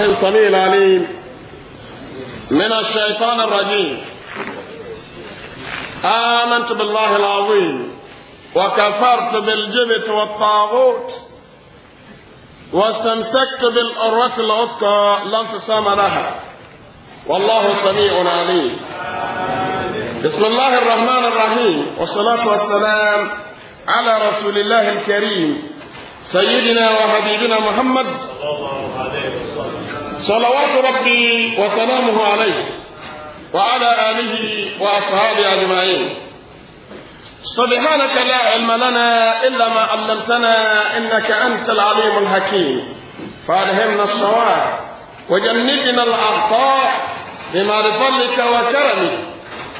السميع العليم من الشيطان الرجيم آمنت بالله العظيم وكفرت بالجبت والطاغوت واستمسكت بالأروة العثقى لا انفصام لها والله سميع عليم بسم الله الرحمن الرحيم والصلاة والسلام على رسول الله الكريم سيدنا وحبيبنا محمد صلى الله عليه وسلم صلوات ربي وسلامه عليه وعلى آله وأصحابه أجمعين سبحانك لا علم لنا إلا ما علمتنا إنك أنت العليم الحكيم فألهمنا الصواب وجنبنا الأخطاء بما لفضلك وكرمك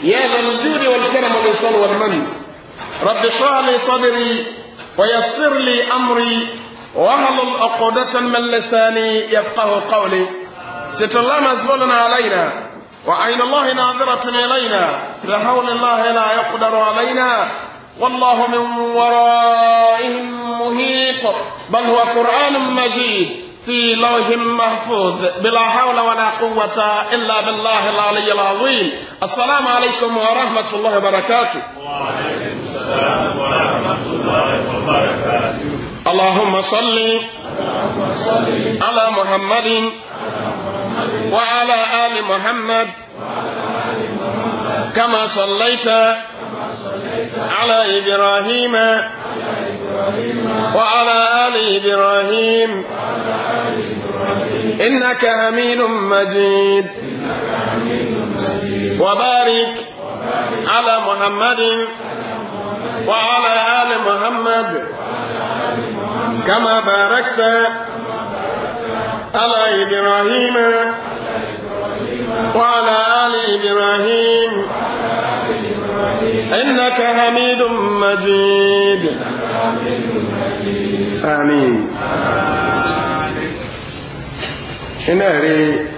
يا ذا الجود والكرم والإحسان والمن رب اشرح لي صدري ويسر لي أمري وهل عقدة من لساني يبقه قولي ست الله مزبولنا علينا وعين الله ناظرة إلينا بحول الله لا يقدر علينا والله من ورائهم مهيط بل هو قرآن مجيد في لوح محفوظ بلا حول ولا قوة إلا بالله العلي العظيم السلام عليكم ورحمة الله وبركاته وعليكم السلام ورحمة الله وبركاته اللهم صل على محمد وعلى آل محمد كما صليت على إبراهيم وعلى آل إبراهيم إنك أمين مجيد وبارك على محمد وعلى آل محمد كما باركت على إبراهيم وعلى آل إبراهيم إنك حميد مجيد آمين إن أري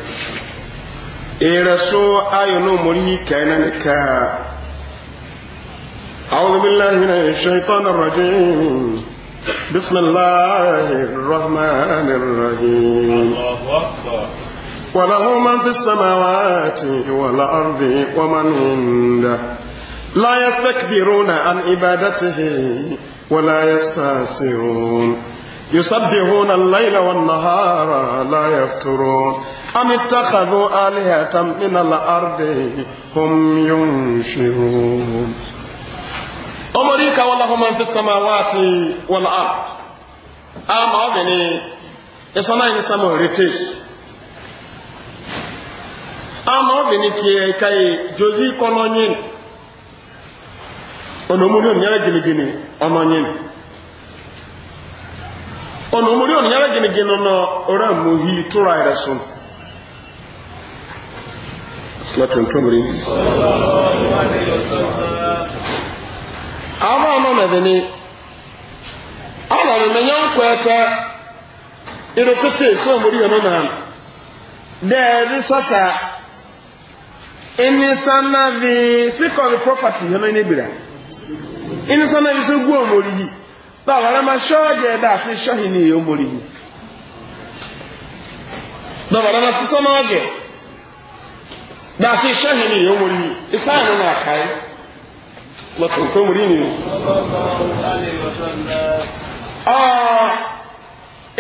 ere so ayo no أعوذ بالله من الشيطان الرجيم بسم الله الرحمن الرحيم وله من في السماوات والأرض ومن عنده لا يستكبرون عن عبادته ولا يستاسرون يسبحون الليل والنهار لا يفترون أم اتخذوا آلهة من الأرض هم ينشرون ọmọdé ka wọn lọkọ máa ń fi sọmọ àwọn àti wọn á àmà ọbẹ ni ìsọmọ yìí ní sọmọ ka yìí josi kọ́nọ́ yín onomori oniyara gẹnẹgẹnẹ ọmọ yín onomori oniyara gẹnẹgẹnẹ ọmọ ọrọ àmọhí tóra ẹrẹ sùn. ava nọ n'edini ala mmenya nkweta erosote so omori yɛ no na dɛɛbi sasa inisanavi sikɔri property yɛ no inibira inisanavi so gu omori yi ba ara ma sɔɔjɛ da si sɔhi ni yɛ omori yi no ara ma sisɔ n'ɔgɛ da si sɔhi ni yɛ omori yi isa yɛ no na aka yi. lọ́tọ̀ tó mú rí ni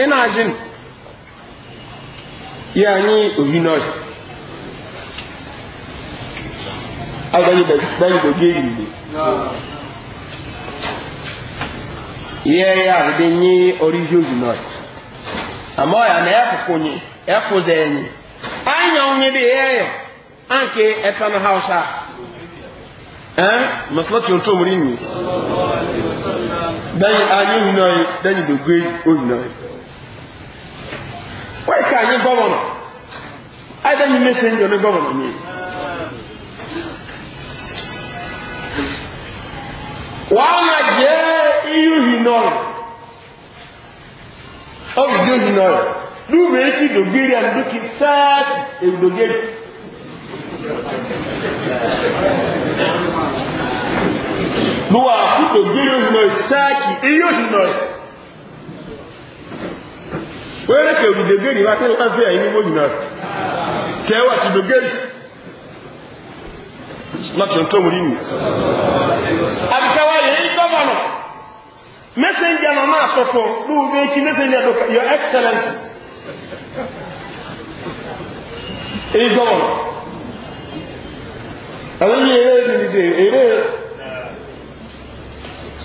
ina jin ya ní òyìnà agbẹ́gbẹ̀gbẹ̀ ìlú ihe ya àrùdé ní orí òyìnà àmọ́ ya na ẹkùkù ní ẹkùzẹ̀ ẹ̀yìn ányà onye dị ẹ̀yọ̀ anke ẹ̀fẹ́ na hausa masalati ohun tó mú rí nìyí dẹ́yìn ayé ìhìnà yìí dẹ́yìn ìdògbé òhìnà yìí wọ́n ìka ayé gọ́vọ̀nà ayédẹ́yìn mẹ́sẹ̀njọ́ ní gọ́vọ̀nà yìí wọ́n á jẹ́ ìdògbé rí àdúgbò kí sáà ìdògbé rí. ló wà kúrò gbéré ìrìnà ìsáàkì eyé òṣìnà wẹ́rẹ́kẹ̀ òdìdègérì wá kẹ́lẹ̀ fẹ́ ẹ̀yìn mímọ̀ ìrìnà tẹ́wà ti dògérì láti ọ̀tọ́ mú rí nì àbíkáwà yìí gọ́vọ̀nà mẹ́sẹ̀njẹ́ nọ náà tọ̀tọ̀ lóògbé kí mẹ́sẹ̀njẹ́ dọ̀kà your excellency èyí gọ́vọ̀nà àwọn ilé eré ìdìdè eré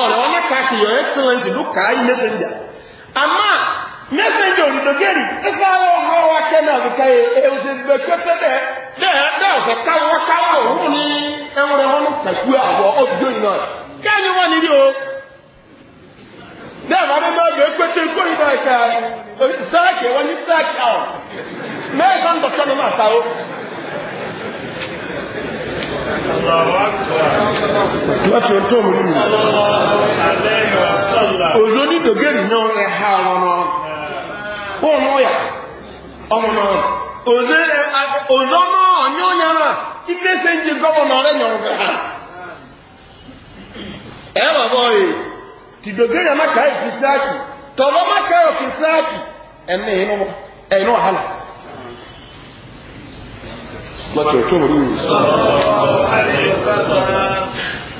ọ̀rọ̀ wọn mẹ́ka kì your excellence ló kàá yí messenger àmà messenger òdìdógẹ́rì ẹ̀sà ọ̀hún wa kẹ́ náà fi káyé ẹ̀hún sí bẹ́ẹ̀ pẹ́pẹ́ bẹ́ẹ̀ bẹ́ẹ̀ bẹ́ẹ̀ ọ̀sẹ̀ káwọ́ káwọ́ òun ní ẹ̀hún rẹ̀ wọn kàkú àwọ̀ ọ̀dùdó yìí náà kẹ́ni wọ́n nílí o bẹ́ẹ̀ bá bẹ́ẹ̀ bẹ́ẹ̀ pété kó ìgbà ẹ̀ka sáàkì wọn ní sáàkì àwọn mẹ́ẹ̀ẹ́sán dọ̀tọ́ ni máa ta láti ọjọ́ mú ní òjò ní dògẹ́rì náà ẹ̀há ọmọ wọn ọ̀yà ọmọ náà òjò náà ọ̀nyọ́ yára ilé ṣe ń jẹ gọ́ọ̀nà rẹ̀ yọ̀rọ̀ rẹ̀ ha ẹ̀ wà bọ́ yìí ti dògẹ́rì amáka ìkì sáàkì tọ̀lọ́ máka ìkì sáàkì ẹ̀mí ẹ̀nú wàhálà láti ọjọ́ mú ní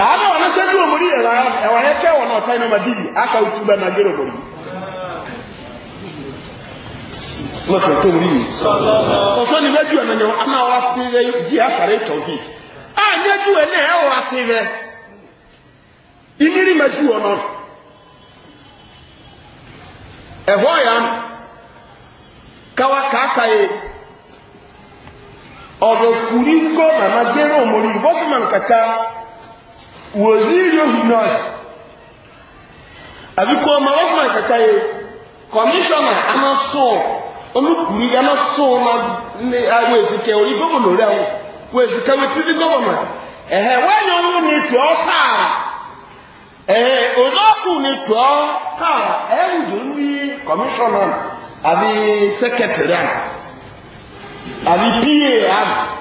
ana wana sɛbi wɔ mori yɛra ɛwɔ yɛ kɛ wɔ n'ɔtɔ yinɔ ma bibi aka otu bɛ na gero mori lɔtɔ tó mori yi ɔsɔ ni bɛ juwɛ nanyɛ ana wa se bɛ di afare tɔ bi a nyɛ juwɛ ne yɛ wa se bɛ iniri ma juwɔ nɔ ɛhɔ yan kawa kaka ye ɔdɔkuri kɔ nana gero mori bɔsuma nkaka wòzíì yóò hù náà àbíkọ́ ọmọ ọlọ́sùnmọ̀ ìkẹta yìí kọmíṣọ́nà amásùn olùkùnrin amásùn ní àwọn èsìkẹ́ orí gómìnà rẹ̀ wọ́n èsìkẹ́ wọ́n ti di gómìnà ẹ̀hẹ́ wáyé ọ̀hún ni tọ́ káà ẹ̀hẹ́ olóòtú ni tọ́ káà ẹ̀rùndò ní kọmíṣọ́nà àbí sẹ́kẹ̀tìrì àbí pa àbí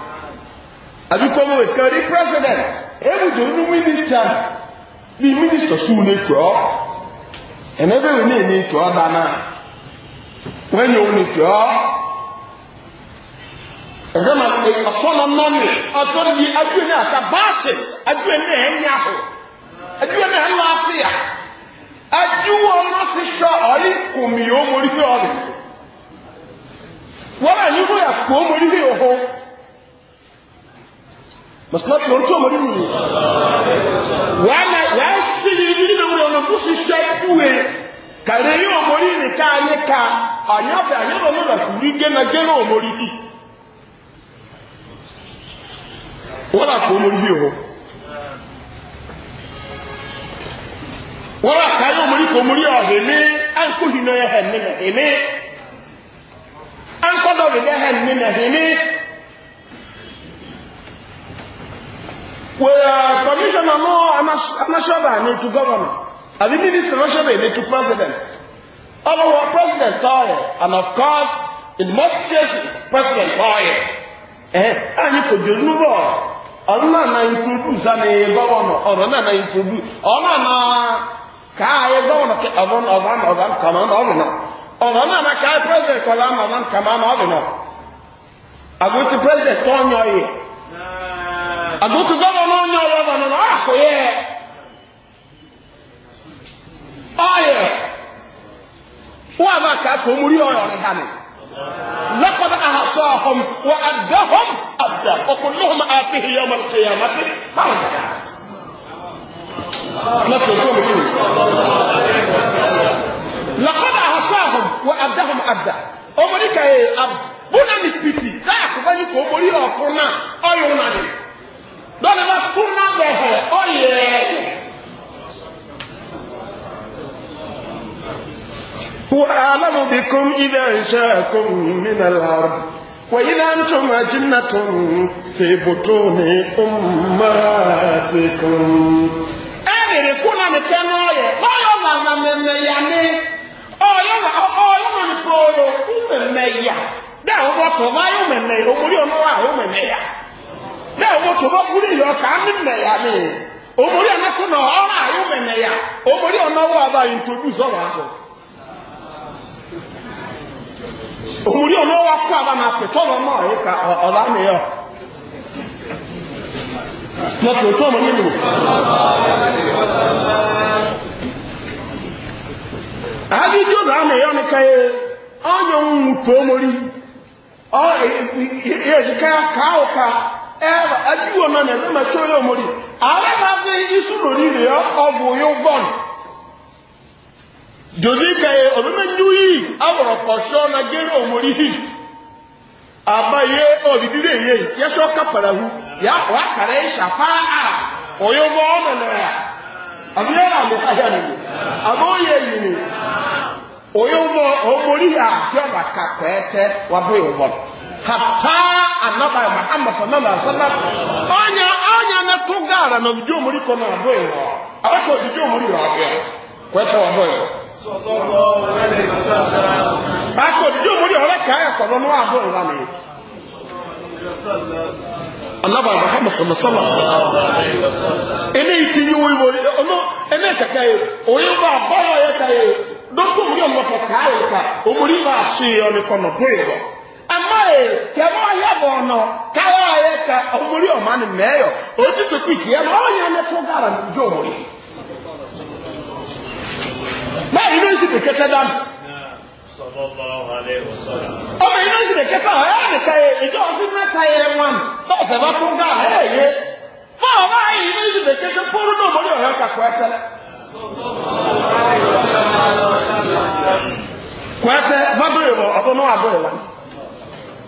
àbí kọ́mọ̀ ìkan rí president ebùdó ní minister bí minister sùn ní tọ́ ẹ̀mẹ́bẹ̀rẹ̀ ní ní tọ́ dáná wọ́n yẹ òun ní tọ́ ẹ̀rọ̀mà ọ̀sọ́nà nọ́ọ̀nì ọ̀sọ́nà yìí adúlẹ̀ ní àtàbáàtì adúlẹ̀ ní ẹ̀ ń yà hù adúlẹ̀ ní ẹ̀ ń lọ àfíà adúwọ̀ ọ̀nà sì sọ ọ̀yí kùmìyàn mórí bí ọ̀rẹ́ wọ́n àyíkú yà kú mórí bí ọ̀hún. masilati wọn tó ọmọdé wù mí wàhálà ni ibi nínú wọn ọ̀nà bùsù iṣẹ́ dùwẹ̀ kàlẹ́ yìí ọmọdé yìí ká ayé ká àyàfẹ́ àyàfẹ́ ọmọdé àkùrí gẹ́nàgẹ́nà ọmọdé yìí wọ́n là where uh, commissioner no anasọba ni to governor àbí minister anasọba ni to president all our president tọọyẹ and of course in most cases president tọọyẹ ẹ anyi kò jẹ ojúmọ bọ ọ̀rọ̀ náà na introduce àmì governor ọ̀rọ̀ náà na introduce ọ̀rọ̀ náà na káàyè governor ọ̀rọ̀ náà ọ̀rọ̀ náà ọ̀rọ̀ náà kàmá náà ọ̀rọ̀ náà ọ̀rọ̀ náà na káàyè president kọ̀ọ̀rọ̀ náà ọ̀rọ̀ náà kàmá náà ọ̀rọ̀ náà àgùntì president tọ́ọ̀nyọ̀ yìí àgbókù gbọ́dọ̀ náà ń yọ ọ̀rọ̀ ọ̀nà náà àkọ́ yẹ ọ̀yẹ̀ wọ́n àbá kàkọ́ mórí ọ̀rọ̀ rẹ̀ hàn لقد أحصاهم وأدهم أدا وكلهم آتيه يوم القيامة فردا لقد أحصاهم وأدهم أدا أمريكا أبونا نبتي ذاك بني كوبري أقرنا أيونا نبتي dɔnni ma tuna bɛ hɛ ɔyɛ وأعلم بكم إذا أنشأكم من الأرض وإذا أنتم أجنة في بطون أمهاتكم أمري كنا نتنوي ما يوضع ممياني أو يوضع أو يوضع نقول أمميا ده هو بطو ما يوممي أمري أنواع أمميا yà wọ́n tó bá kúrò yọ ká ya mẹ̀yà ni òmòrí ọ̀nà tó ọ ọ̀rọ̀ àyọ̀ mẹ̀mẹ̀yà òmòrí ọ̀nà wà bá introduce ọ̀rọ̀ àbọ̀ òmòrí ọ̀nà wà kú àbá máa pè ya náà yìí otu ọ̀là ka ẹ̀rọ na náà nẹ̀ mẹ́mẹ́ ṣó yóò mórí ààrẹ máa fi ìṣúrò rírì ọgbù yóò vọ́n dòdí kẹyẹ ọ̀rọ̀mẹ́jú yìí na gẹ́rẹ́ òmórí yìí àbáyé ọ̀dìdílé yẹ yẹ́ṣọ́ kápẹ̀rẹ̀hu yà wà kàrẹ́ ìṣàpá à ọ̀yọ́ bọ́ ọ̀nà náà àbíyẹ́ àmì ayà yìí ọ̀yọ́ bọ́ wà hata anaba muhammad sallallahu alaihi wasallam anya anya na tugara na bidio muri kono aboyo abako bidio muri aboyo kweta aboyo sallallahu alaihi wasallam ako bidio muri ore kaya kwa kono no aboyo rani anaba muhammad sallallahu alaihi wasallam ene itinyi wo ono ene kakaye oyo ba ba aboyo yakaye dotu muri omo kakaye ka omuri ba si yo ni kono toyo amaye kẹmọ ayẹ bọ ọnà káyọ ayẹ ká ọmọrí ọmọ ni mẹyọ ojú tó kú ìkìyà náà ọyàn ẹni tó gara ní ojú ọmọrí báyìí ló ń sì lè kẹtẹ dánù. ọmọ yìí ló ń sì lè kẹtẹ ọ̀hẹ́ àdìka yẹ ìjọ ọsùn mẹta yẹ wọn lọ́sẹ̀ bá tún gá ẹ̀ yẹ fọ́ọ̀ báyìí ló ń sì lè kẹtẹ fọ́ọ̀rọ̀ náà ọmọrí ọ̀hẹ́ kakọ̀ ẹ̀ tẹ́lẹ̀. kwẹ́tẹ́ bá bẹ̀rẹ̀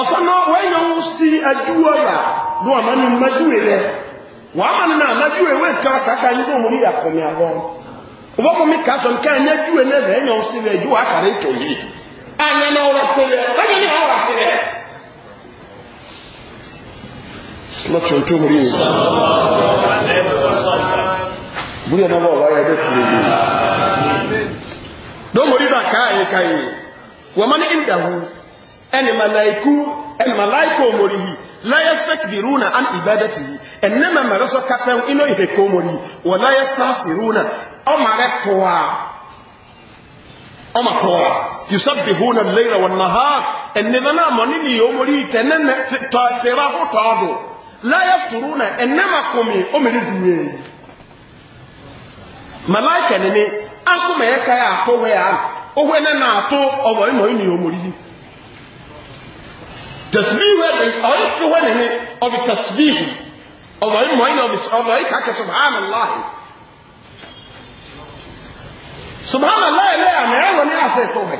ọ̀sánà wẹ́yàn ń sí ajúwọ́ yà ló àmà ní májúwẹ̀ rẹ̀ wà á nà májúwẹ̀ wẹ́ kára kàkà ní fún omi àkọ̀mí àwọ̀ ọgbọ́kọ̀ mi kàá sọ̀rọ̀ káà ní ajúwẹ̀ náà rẹ̀ yàn sí rẹ̀ ìjúwà àkàrà ètò yìí àyàn náà wọ́n sí rẹ̀ lẹ́yìn náà wọ́n sí rẹ̀. lọ́tún tó mú yìí bóyá náà wọ́n wáyé ẹgbẹ́ fún mi. dọ́mọ̀ rí wọ́n má ní ìdáhùn ɛne malaiku ɛne malaika omorihi la yastakbiruna an ibadatihi ɛnɛ ma mɛrɛ sɔ katɛw ino ihe ko omorihi wa la yastasiruna ɔmarɛ toa ɔma toa yusabbihuna al-layla wan-nahar ɛnɛ ma na mɔni ni omorihi tɛnɛ nɛ tɔ tɛra ho tɔ do la yafturuna ma komi omiri duwe malaika nini akoma yɛ kaya ato hɛ a ohwe ne na ato ɔwɔ imo ini omorihi tasbihu ɛdi ɔyɛ ti hɔ nini ɔbi tasbihu ɔbɛyi mɔyin ɔbi ɔbɛyi kakɛ subhanalahi subhanalahi lɛ ama ɛwɔ ni ase to hɛ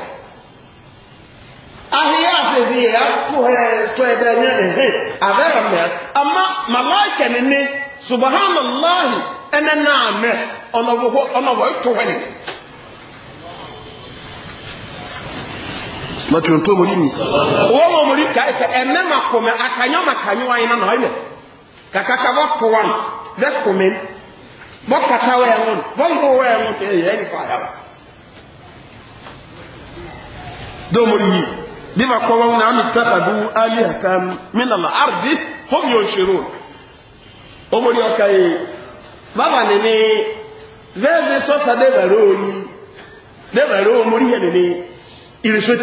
ahi ase bi yɛ ato hɛ to yɛ dɛ nye ehe abɛ yɛ ama malaika nini subhanalahi ɛnɛ naa mɛ ɔnɔbɔ hɔ ɔnɔbɔ eto hɛ nini. láti ohun tó mú rí mi owó mọ̀ mú rí ká ẹ̀kẹ́ ẹ̀mẹ́ mà kò na àkànyọ́ mà kànyọ́ wáyé náà ẹ̀mẹ́ kàkàkà bọ́ tó wà bẹ́ kò mẹ́ bọ́ kàkà wẹ́ ẹ̀wọ̀n bọ́ ń bọ́ wẹ́ ẹ̀wọ̀n ẹ̀yẹ ẹ̀yẹ fà yà. dóòmù yìí bí wàá kọ́ wọn náà mi Il se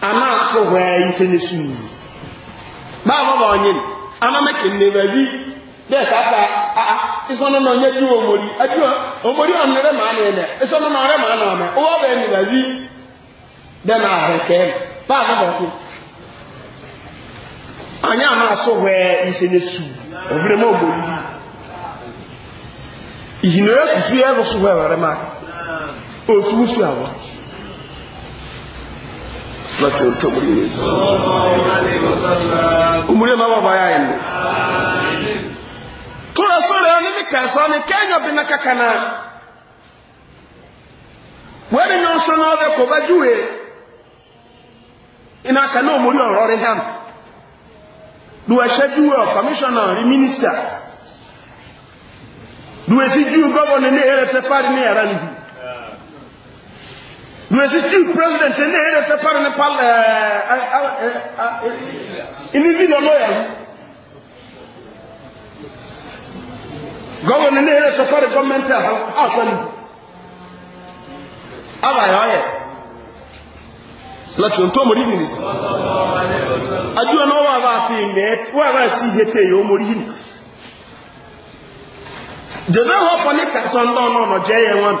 ana so hwɛɛ yi sɛ ne suu baa ma ba ɔnye no ama mɛ kenne baazi dɛ kaka aa esɔn no na ɔnyɛ di omori adi omori ɔno rɛ maa ne nɛ esɔn no na ɔrɛ maa na ɔmɛ owó bɛɛ ne baazi dɛ na ahɛ kɛɛ baa ma ba ɔnye anya ama so hwɛɛ yi sɛ ne suu ɔbɛrɛ ma omori yi ìyìnbó yɛ kusu yɛ lọ so hwɛɛ wɛrɛ maa láti ohun tó múlẹ̀ rẹ̀. Òmùlẹ̀ máa wà báyà ẹ̀ nù. Túrọ̀ sọ̀rọ̀ ẹni ní kẹsàn-án ni kẹ́nyọ̀ bí na kàkànà. Wọ́n ní yọ̀n sọ náà ọ̀dẹ̀ kò bá júwe. Iná kan náà múlẹ̀ ọ̀rọ̀ rẹ̀ hàn. Lùwẹ̀ ṣẹ́ júwe ọ̀ kọmíṣọ̀nà rí mínísítà. Lùwẹ̀ sí júwe gọ́vọ̀nì ní ẹ̀rẹ̀ tẹ́párì ní ẹ̀rẹ́ nìyí. Nwesi chief president ne hele te pare ne pal uh, uh, uh, ini bi no ya. Government ne hele te pare government ha asan. Aba ya ye. Lati on to mori ni. Aju na wa ba si me, wa ba si hete yo mori ni. Jebe ho poni ka so ndo no no je ye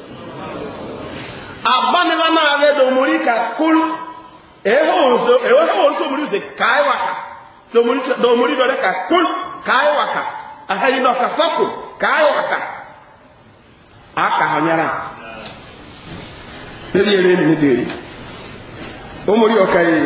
abanila naa bɛ domori ka kul ehonso ehonso mori se kae waka domori domori dɔ de ka kul kae waka ahayi dɔ ka fako kae waka a ka hanyara ne de yɛlɛ ne de yɛlɛ o mori yɔ ka ye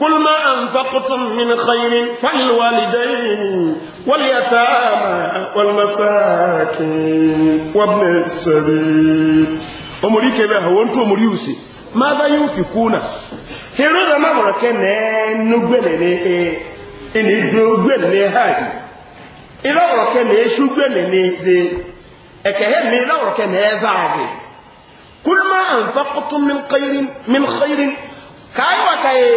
قل ما أنفقتم من خير فالوالدين واليتامى والمساكين وابن السبيل أمري كبه وانتو أمري يوسي ماذا ينفقون هيرو دا ما بركة نغبن نه إن دوغبن نه هاي إذا بركة نه شغبن نه زي أكهل نه إذا بركة كل ما أنفقتم من خير من خير كاي وكاي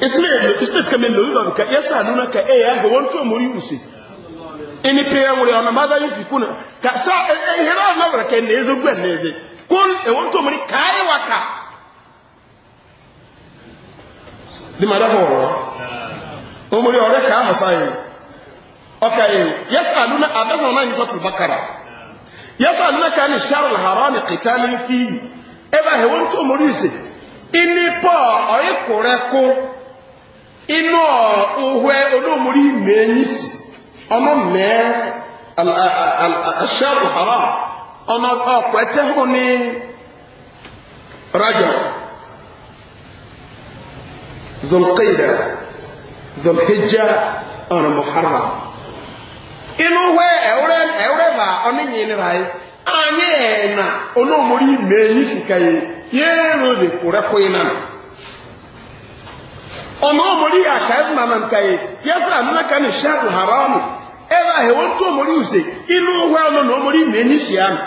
isika mendo iba ka eh, yasaluna eh, eh, ka e yange wonto omuri use ini peya ngure ona madha yufikuna ka sa hera na ka ke nezo gwe neze kun e wonto omuri kai waka ni mara ho omuri ore ka hasaye okay e, yasaluna abasa na ni sotul bakara yasaluna ka ni sharul haram qitalin fi eba he wonto omuri ise ini pa inú ọ̀hẹ́ olóòmúrí mẹ́yìnsì ọmọ mẹ́ ṣẹ́rù haram ọmọ ọ̀pọ̀ ẹ̀tẹ́hùn ní rájà zolkaida zolhijja ọ̀nà mọ̀hárà inú ọ̀hẹ́ ẹ̀wúrẹ́bà ọ̀nìyàn ráyé anyị ẹ̀nà olóòmúrí mẹ́yìnsì káyé yẹ́rọ̀ lè kúrẹ́kọ́ iná náà ọmọ ọmọdé yà ká ẹfún màmá nǹka yìí yẹsẹ àmúnáka ní ṣáàtù haramu ẹ bá hẹ wọn tún ọmọdé ìṣe inú wẹ ọmọ ní ọmọdé mẹni ṣìá mi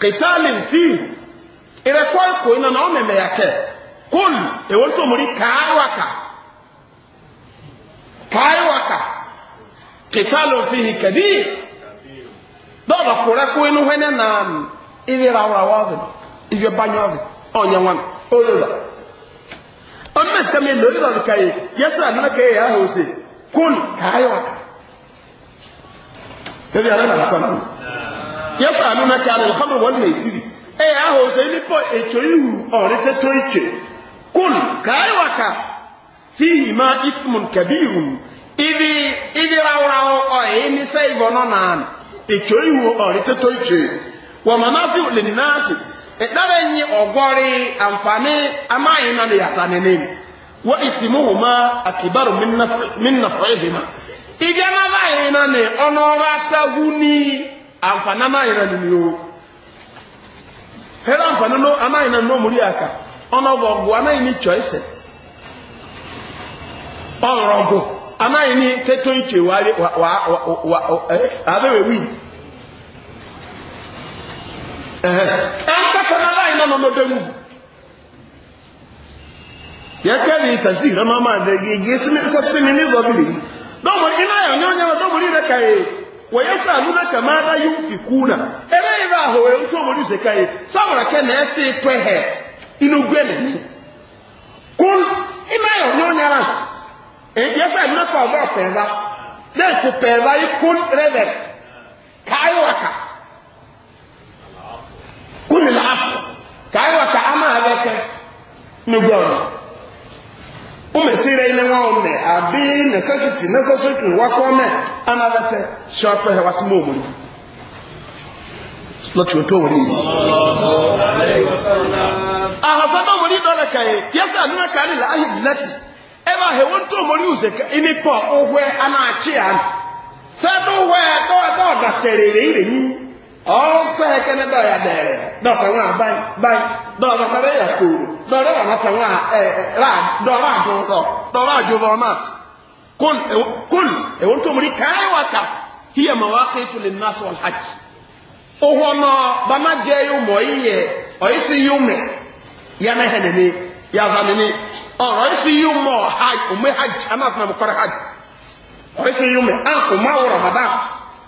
kìtàlì nfi ìrẹkọ ẹkọ iná náà ọmọ ẹmẹyà kẹ kóòl ẹ wọn tún ọmọdé káyọwàkà káyọwàkà kìtàlì kẹbí inú náà amma suka mai lori ba ka yi ya sa nuna ka ya hausa kun ka yi waka ta biya nan hasan ya sa nuna ka alhamdu wani mai siri eh ya hausa yi nipo eto ihu ọrẹ ta to ice kun ka yi ka fihi ma ifimun kabiru ibi ibi rawurawo ọyẹ ni sẹ ibọ nọ na eto ihu ọrẹ ta to ice wa manafi lin nasi ìdára ẹ̀yìn ọ̀gọ́rí amfani amáyìn na lè yàtà nínú ìmú wọ́n ìfìmúhùmá àkìbárò mínàfọ́ ìhìmá ibi amáyìn náà ni ọ̀nà ọ̀rọ̀ atágú ní Amfani amáyìn náà nìyó o. àǹfààní amáyìn anaghị nínú múrí àkà ọ̀nà ọ̀bọ̀ ọ̀gù amáyìn ní choice ọ̀rọ̀ ọ̀gù amáyìn ní ẹ̀nà ọmọ dẹ́nu yẹ́kẹ́lì tàṣí ìrọ́mọ́ máa dẹ̀ gẹ́gẹ́ sẹ́sẹ́mi ní gọ́bìlì dọ́mọ̀ iná yà ní ọ̀nyẹ́wà dọ́mọ̀ ní rẹ̀ka yẹ e. wọ̀nyẹ́ sàánú mẹ́ka máa dá yóò fi kú nà ẹ̀rẹ́ ìrọ̀ àhọ̀wẹ̀ ń tó ọmọdé ṣe káyẹ sáwọ̀rọ̀ kẹ́ nà ẹ́ fi tọ́ ẹ̀ inú gbé nà ní kún iná yà ní ọ̀nyẹ́wà yẹ́ sàánú mẹ́ka ọ̀gá pẹ̀lá dẹ́kun pẹ̀lá yìí kún rẹ̀rẹ̀ káyọ̀ wákà kún ìlà áfọ̀ ka kà á máa bẹ́ tẹ́ umesire ile waone abi necessity necessity wakome anavete shoto hewa ahasaba wali dole kai e. yasa nuna kali la ahillati eba he wonto mori useka ini ko ohwe ana achi an sadu we do do da ire ọ̀pẹ́ ẹ̀kẹ́ni dọ̀yà dẹ̀rẹ̀ dọ̀kẹ́ wọn báyìí báyìí dọ̀kẹ́ wọn yẹ kóòrò dọ̀rẹ́ wọn kẹ́ wọn ẹ̀ e, e, rà dọ̀rọ̀ àjọyọ̀ dọ̀rọ̀ àjọyọ̀ ọ̀nà kún e, ẹ̀wọ̀n tó múri káyọ̀ wákà hiya mọ̀wá kéétu lè nà sọ̀ hajj. ọ̀hún ọ̀nà bàmá jẹ́ yóò mọ̀ ọ́ yẹ ọ̀yẹ́ sì yóò mẹ̀ yẹn hẹ̀ nìní yàtọ̀ nìní ọ̀rọ̀ sì yóò mọ̀ hajj ọ̀mẹ́ hajj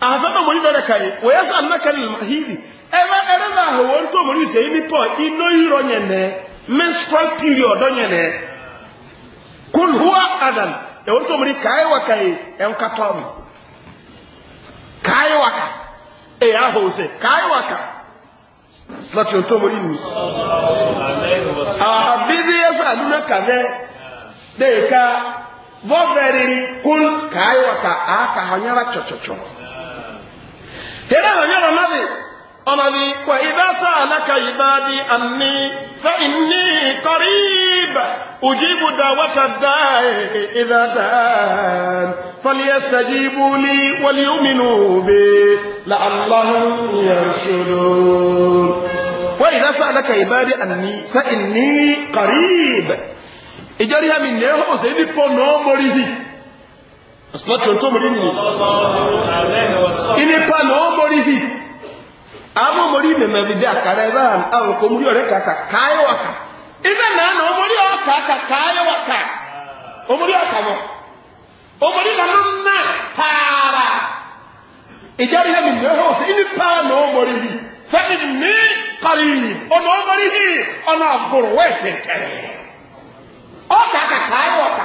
asama mori dada kai wayasa annaka lil mahidi ever ever na ho won to mori se ni po ino iro nyene menstrual period onyene kun huwa adam e won to mori kai wa kai en katom kai wa ka e ya ho se kai wa ka slot yon to mori ni ah bibi yasa aduna kave de ka vo veriri kun kai wa ka aka hanyara chochocho tẹ́lẹ̀ hàn yọ̀rọ̀ má bi ọmọ bi wà ibà sá àlàkà ibà di àmì fẹ́ ìní kọ́rí ibà ojú ibùdó wàtà dá ìdá dá fọlíẹ́ sẹ́jì ibùlí wọlé omínú bi la aláhùn ọ̀sọ̀lọ́tí ohun tó mọ̀rí nìyí inipa na ọ mọ̀rí hì àwọn mọ̀rí mẹ̀mẹ̀ bìdí àkàrà ẹ̀rọ àwọn kò mọ̀rí ọ̀rẹ́ kàkà káyọ̀ wàkà na ọmọrí ọ̀kà kà káyọ̀ wàkà ọmọrí ọ̀kà mọ̀ ọmọrí nànú nà tààrà ìjà ìyá mi mẹ́rẹ̀ ọ̀sẹ̀ inipa na ọmọrí hì fẹ́mi ní kàrí ọ̀nà ọmọrí hì ọ̀nà àgùrù wẹ́ẹ̀tẹ̀ tẹ̀rẹ̀ ọ̀kà kà káyọ̀ wàkà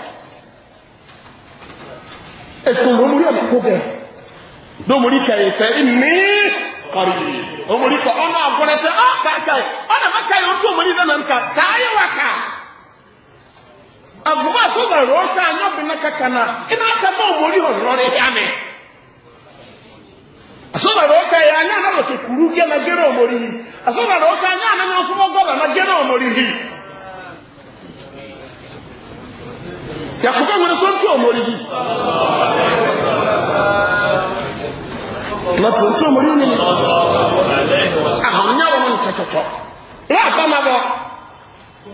ẹ̀tọ́rọ omúrí àkókò gẹ̀ lómorí kẹfẹ́ ní kọrí omúrí kọ ọ́nà àgbọ́nẹ́tẹ́ ọ́kàkàí ọ́nà mẹ́kàí ó tó omúrí náà nǹkan káyé wákà àgbọ́bà sọ́gbà rọ́ọ̀kà anyọ́bìnà kàkànà iná àtẹ́fọ́ omúrí ọ̀rọ̀rẹ̀ yánẹ̀ asọ́gbà rọ́ọ̀kà yẹ anyá náà lọ́kẹ̀kùrú gẹ́ na gẹ́rẹ́ omúrí asọ́gbà rọ́ọ̀kà na náà lọ́sọ́gbà gọ́bà na gẹ́rẹ́ omúrí yìí yàkùnkà wọn sọ tí ọmọ rí bí lọ́tọ̀ tí ọmọ rí nílẹ̀ àhànyàwó ní kẹtọ̀tọ̀ láàbá máa bọ̀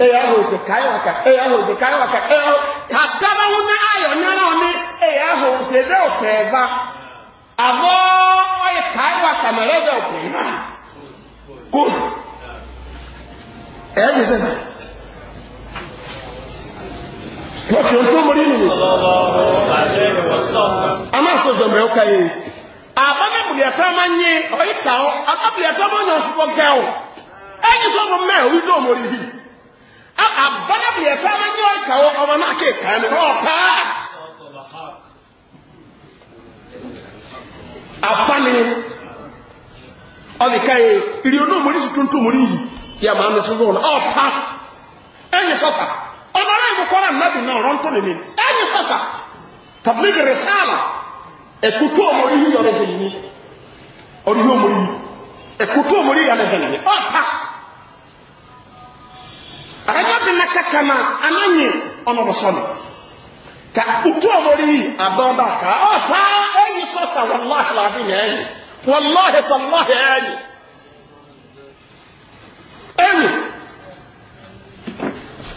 ẹ̀yà ahò òsè káyọ̀kà ẹ̀yà ahò òsè káyọ̀kà ẹ̀yà ahò kàdára wọn ní ayọ̀ náírà wọn ní ẹ̀yà ahò òsè dẹ́ ọ̀pẹ̀ ẹ̀bá àbọ̀ ọ̀yẹ̀ káyọ̀kà mẹ́rẹ́ dẹ́ ọ̀pẹ̀ náà kó ẹ̀yà ẹ̀yẹ sẹ́nà lọ́tí ohun tó mọ̀rí nìyí a máa sọ jọmọ̀ ẹ̀ọ́ka yìí àbábẹ́ bùlẹ̀tà máa ń yé ọ̀yí ọ́ àbábẹ́bùlẹ̀tà máa ń yàn sí fọ́n ọ́ ẹ̀yìn sọ́nù mẹ́ òwú dó mọ̀rí yìí àbábẹ́bùlẹ̀tà máa ń yé ọ̀yí ọ́ ọmọ náà kéè kà ní ọ̀tá àpáni ọ̀dìkà yìí ìrì ọmọràn ìmùkọ́rà nàbì náà rọ́ntọ́ nìyí ẹ̀yìn sàṣà tàbílíkì rìsáàlà ẹ̀kútú ọmọrí yìí ọ̀rẹ́ bẹ̀yìn ní ọ̀rẹ́ yìí ọmọrí yìí ẹ̀kútú ọmọrí yìí ọ̀rẹ́ bẹ̀yìn ní ọ̀tá àgbàbí ka kútú ọmọrí yìí àbọ̀dà ká ọ̀tá ẹ̀yìn sàṣà wàláhì làbí ní ẹ̀yìn wàláhì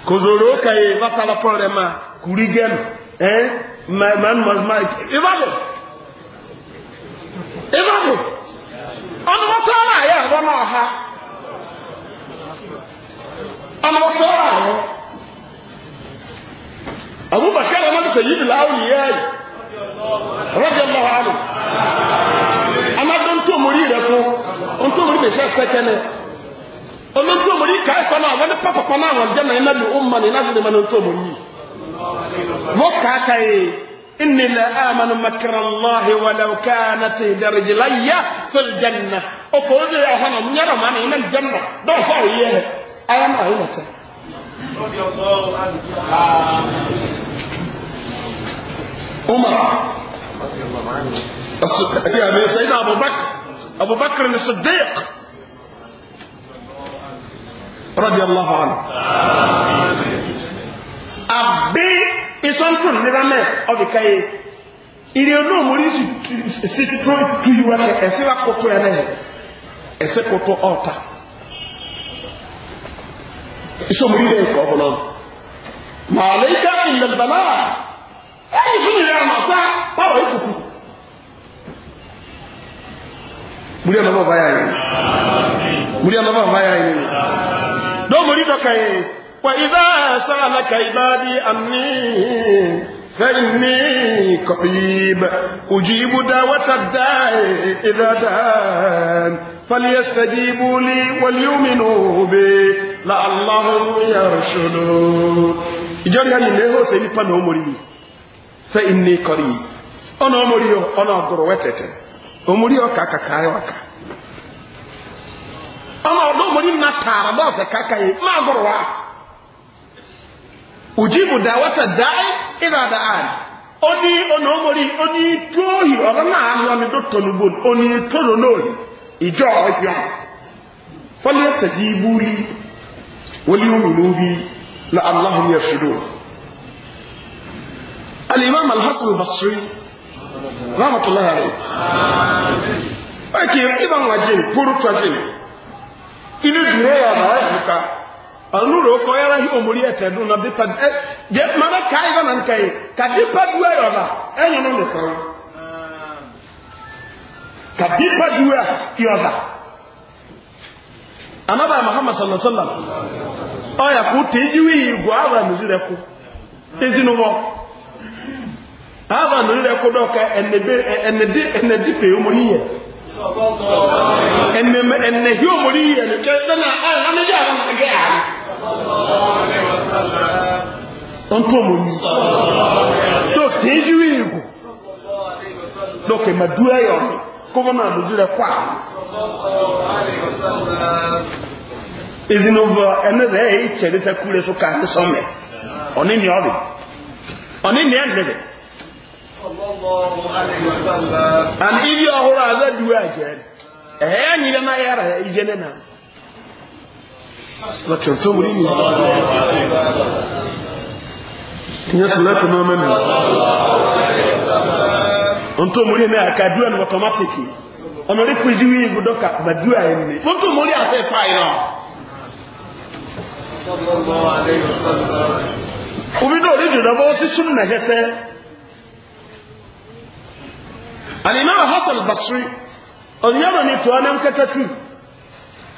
kozoro kaye vatala tore ma kurigem eh ma man ma ma evado evado ana vatala ya vama ha ana vatala ho Abu Bakar ana sayyid al-awliya radiyallahu anhu ana don to muri rasu on to muri be sha takene ọmọ tó mọ̀ ní káẹ́kọ́ náà wọ́n ní pápápá náà wọ́n jẹ́ náà ní ọmọ ní náà ní ọmọ tó mọ̀ yìí wọ́n kàákà yìí inni la amanu makarallahi walau kana ti dariji layya fil janna o ko o de ya hana n yɛrɛ maa ni ina janna dɔw fɔ o ye hɛ aya maa yi na tɛ. umar ɛɛ sayidina abubakar abubakar ni sadiq rọ́bì ọlọ́hà ọ̀nà. àbí ìsọ́ntún nira mẹ́ ọ̀bìkà yìí ìrìn ọ̀nà òmòrí sì tó tu ìwà kẹ ẹ̀sẹ̀ wà kótó ẹ̀ náà ẹ̀sẹ̀ kótó ọ̀ta. ìsọmọrí rẹ̀ kọ́ ọ̀bọ̀nà. màálẹ́ká ìlẹ̀bẹ̀lá ẹ̀yìn fún ìrìn àmọ̀ sá báwọ̀ ìkùkù. Muri Allah baya yi. Muri Allah baya yi. دومري دكاي واذا سالك عبادي عني فاني قريب اجيب دعوه الداع اذا دعان فليستجيبوا لي وليؤمنوا بي لعلهم يرشدون ìjọ́rí àyìn lè hó se ní pàdé omori fẹ́ inú ikọ̀rí ọ̀nà omori ọ̀nà ọ̀gọ̀rọ̀ wẹ́tẹ̀tẹ̀ omori ọ̀kà kàkà ẹwàkà ama ọdọ mori na taara dọ ọsẹ kaka yi maa gọrọ wa ojibu dawata dae ida da an oni ona omori oni tuohi ọdọ naa ahịa ni dọ tọnu bon oni toro n'ohi ijọ ọhịa fọlẹ ẹsẹji ibuli wọlé ominu bi la allahu ya shido alimam alhassan albasri rahmatullahi alayhi. Ake, iban wajen, puru tajin, inú ìdúró yà bá yà nìka ọ̀nù rò kọ́ yàrá yìí òmùrí ẹ̀tẹ̀ dùn náà pàdé ẹ jẹ́ màmá ká ka nà nkà yìí kàdí pàdúwà yà ọ̀bà ẹ̀yìn nù nìkan o kàdí pàdúwà yà ọ̀bà anaba muhammad sallallahu tẹ̀ yìí rẹ̀ kú ẹnẹmẹ ẹnẹ yóò mọ ní ẹnẹ kẹsàn án amẹjẹ àwọn àgẹ àrùn. tó mọ ní. tó lókè mà dúró ẹ̀yọ̀ mi kó bá máa lójú rẹ̀ kọ́ àrùn. ìdínúbọ ẹni rẹ̀ yìí tẹ̀lé sẹ́kúrẹ́ sókà ní sọ́mẹ̀ ọ̀ní ni and if you are all other do again eh ni be ma yara ijene na lọ́tún tó mú nínú tíyẹ́ sọ́lọ́pù náà mẹ́nu ọ̀n tó mú nínú àkàdúwà ní ọ̀tọ́mátìkì ọmọ rí pín díwí ìgbòdọ́kà gbàdúwà ẹni wọ́n tó mú rí àṣẹ ìpá ìrọ̀ òbídó orí jùlọ bọ́ sí súnmù nàṣẹ́tẹ́ alimama hassan basri ọdịnyama ni tụọ na nkata tu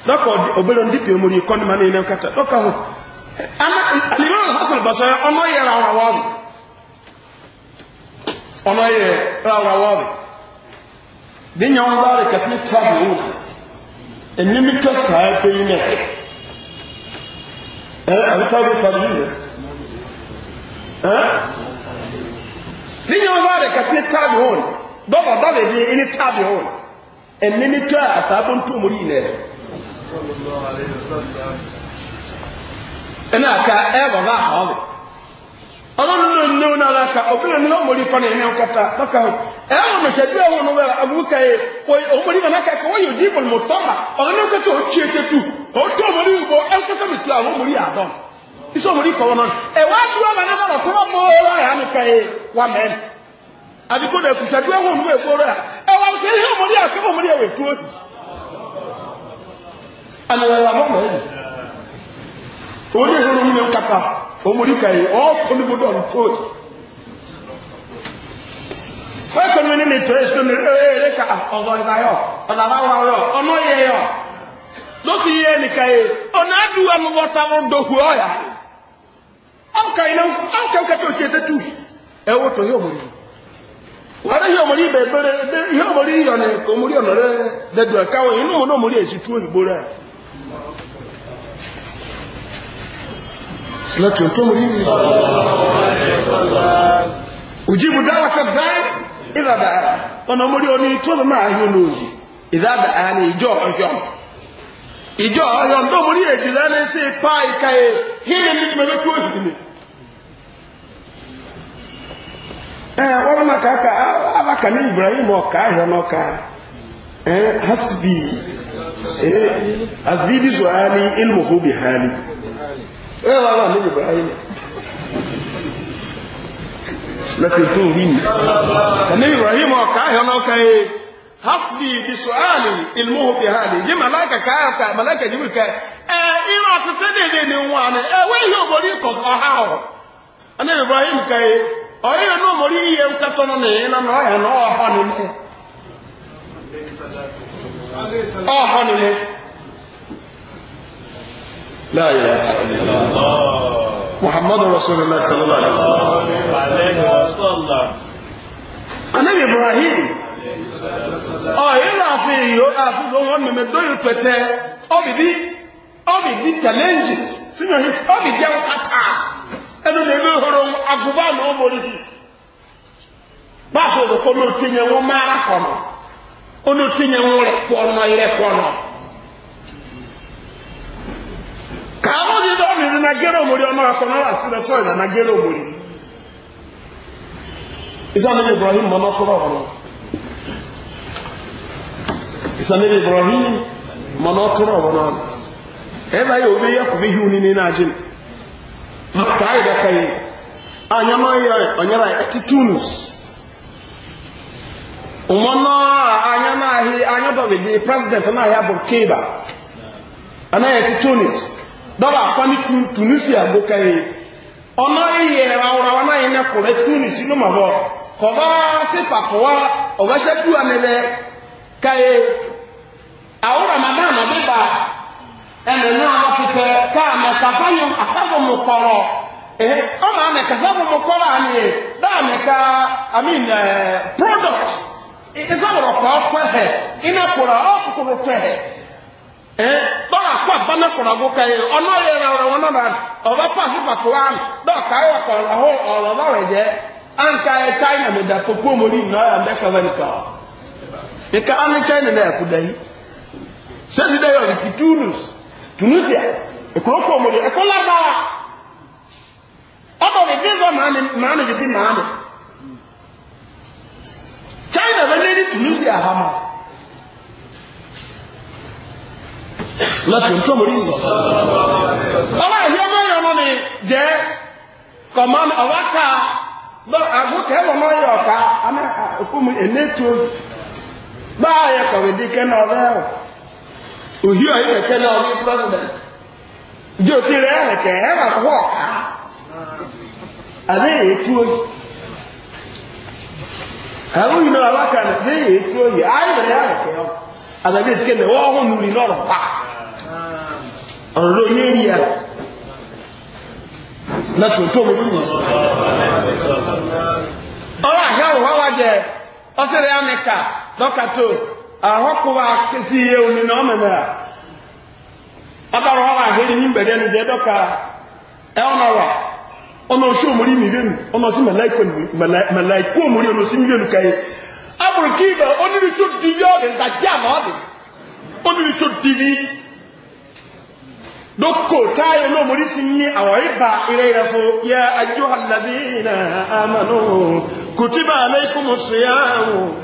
dọka obere ndị pịa omori ikọ ma na nkata dọka hụ alimama hassan basri ọnụ ya rawa wọbụ ọnụ ya rawa wọbụ dị nya ọnụ ọrụ katị tabi ụlọ enyem tọ saa ebe yi na ẹ ẹ abitabi dɔbɔ ba bɛ di ɛni taabi hɔn ɛni ni tɔ asaabu ntomori yi nɛ ɛna aka na aka obi na na ɛni nkɔta baka hɔn ɛwɔ mɛhyɛ bi ɛwɔ n'aka kɛ wɔyɛ odi bɔlmɔ tɔma ɔno ne nkɛtɛ otie ketu mi tu a kɔ wɔn na àdìgbò na kùsà dúró hùn ní èkó rẹ̀ ẹwà ṣe ihe ọmọdé àkọ́kọ́ ọmọdé ẹ̀wẹ̀ tó èyí ànàlẹ́lẹ́ àmọ́mọ́ ẹ̀yìn òun ní ìhòòrò ní nkata ọmọdé kàyé ọ̀ọ́kọ́ ee ka ọ̀zọ́ ìgbà yọ ọ̀nà àbáwá yọ ọ̀nà yẹ wàrà ihe ọmọdé ibẹ̀ bẹ̀rẹ̀ ihe ọmọdé iyọ̀ ní kò mórí ọ̀nà rẹ̀ dẹ̀dù ẹ̀ka wọ̀ inú ọmọdé ọmọdé èsì tú òyìnbó rẹ̀ sílẹ̀tì tó mórí òjìbù dáwàtà dáì ìdàdà ọ̀nà mórí oní tó lọ máa yọ lóòyì ìdàdà àní ìjọ ọyọ ìjọ ọyọ ndó mórí èjì lẹ́ni ee eh, ọrụ maka aka alaka na ibrahim ọka ahịa n'ọka ee eh, hasbi ee eh, hasbi bizu ali ilmuhu bi hali ee lala na ibrahim ibrahim ọka ahịa n'ọka ee hasbi bizu ali ilmuhu bi hali ji malaka ka aka malaka ji ka ee ịrụ ọtụtụ na-eme nwa na enweghị obodo ịkọ ọha A na ibrahim ka ee ọ̀yẹ́ inú mọ̀rí iye ń kẹtọ́ ní ìyẹn náà ọ̀yẹ́ náà ọ̀họ́ nílé ọ̀họ́ nílé láàyè muhammadu rasulullah sallallahu alaihi wasallam anabi ibrahim ọ̀yẹ́ náà fi ìyó àfúfọ́ wọn mẹ́mẹ́ dóyè pẹ̀tẹ́ ọ̀bìdí ọ̀bìdí challenges sínú ọ̀bìdí àwọn kàtà ẹnu lè ní horo agùbá ní ó mori bi báṣọ òkò ní òtínyẹ mára kọ̀nà ó ní òtínyẹ rẹ̀ kọ̀nà rẹ̀ kọ̀nà kàwọn yìí lọ nìyí na gẹ́rẹ́ òmòrì ọmọ akọ̀nà rà sílẹ̀ sọ̀rọ̀ ìlànà gẹ́rẹ́ ibrahim mọ́nà tọ́rọ̀ ọ̀rọ̀ ìsànlẹ̀ ibrahim ọ̀rọ̀ ẹ̀ báyìí òbí yẹ kai da kai anyama ya onyara titunus umono anyama hi anyaba with the president na ya bo keba ana ya titunis dola kwani tunisia bo kai ono ye rawra wana ina kore tunis no mabo ko ba se pakwa o ba shepu anebe kai e, awura madam abiba ɛnna naa wɔhwetɛ kaa mɛ kasa nyom asabo mo kɔrɔ ɛhɛ ɔmaa mɛ kasa bo mo kɔrɔ ani daa mɛ ka i mean ɛɛ uh, products ɛsɛ wɔrɔ kɔ ɔtɔ hɛ ina kora ɔkokoro tɔ hɛ ɛɛ dɔw akɔ afa ne kora go ka yi ɔnɔ yɛ ɛrɛ ɔrɛ wɔn nan ɔbɛ paasi pato wa dɔw ka yɛ ɔkɔrɔ ɔhɔ ɔrɔ lɔrɔ yɛ anka yɛ china mɛ da koko mo ni nyinaa yɛ mɛ kaba china na yɛ kuda yi sɛsi dɛ yɛ ɔrɛ tunisia ekuroko omori ekola sara ọtọ dị dịzọ maanị dị dị maanị china bụ ndị tunisia ha ma lati otu omori sọ ọwa ihe ọma ya nọ ni jee kọman ọwa ka agụ ka ẹwọ mọ ya ọka ana mu ya na òhì ọ̀yí kẹ̀kẹ́ náà ní president bí o ti rẹ̀ ẹ̀kẹ́ ẹ̀ wà pọ̀ ọ̀ká àbẹ́yẹ̀ ètú òyì àwọn òyìn náà alákà àbẹ́yẹ̀ ètú òyì ayẹ̀rẹ̀ ẹ̀kẹ́ ọ àbẹ́yẹ̀ ètú kẹ́mẹ̀ wọ́n hùn lórí lọ́rọ̀ pa ọ̀rọ̀ yé rí ẹ̀ láti òtú omi fún un ọ̀rọ̀ àṣà òwò wájẹ ọ̀sẹ̀rẹ̀ amẹ́ka dọ́kàtó ahɔkuba si yie oni na ɔmɛmɛ a abara hɔ ahiri ni ndị ni deɛ dɔka ɛwɔnara ɔmɛ osi omori mi venu ɔmɛ osi mɛlaiko mɛlaiko omori ɔmɛ osi mi venu ka yi afuriki bɛ oniri tso divi ɔdi nta di ama ọ ɔdi oniri tso divi doko taya na omori si nri awɔri ịba ire yɛ fụ ya ajo halabi na amanụ kutiba aleikum siyamu.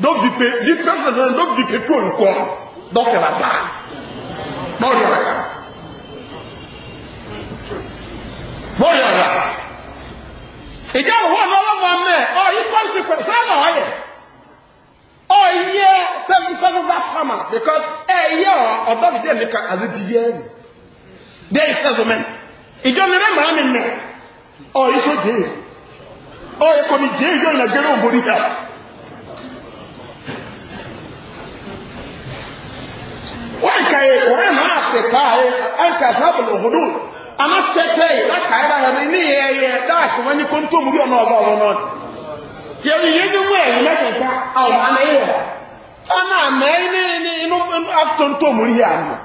don't be pay different from them don't be pay tó nkọ lọsẹ la ba lọrọ la lọrọ la ìjà òwò ọ̀nà ọlọ́wọ́ mẹ́ ọ yí consequence sáà ọ̀ yẹ ọ yẹ seven seven back hammer because ẹ yẹ ọ̀dọ́ mi dé mi ka àlè ti yẹ ẹ there is settlement ìjọ mi rẹ màá mi mẹ ọ yí so jẹ ọ yẹ kọ mi jẹ ìjọ ìnàgẹrẹ ògbóni yà. wankaye wana afetaye anka sababu luhudud ama teteye lakaira yarini yeye daki wani kuntu muri ono ogo ogo non yeri yeni mwe mekeka au mana ye ana me ni ni inu afton to muri yanu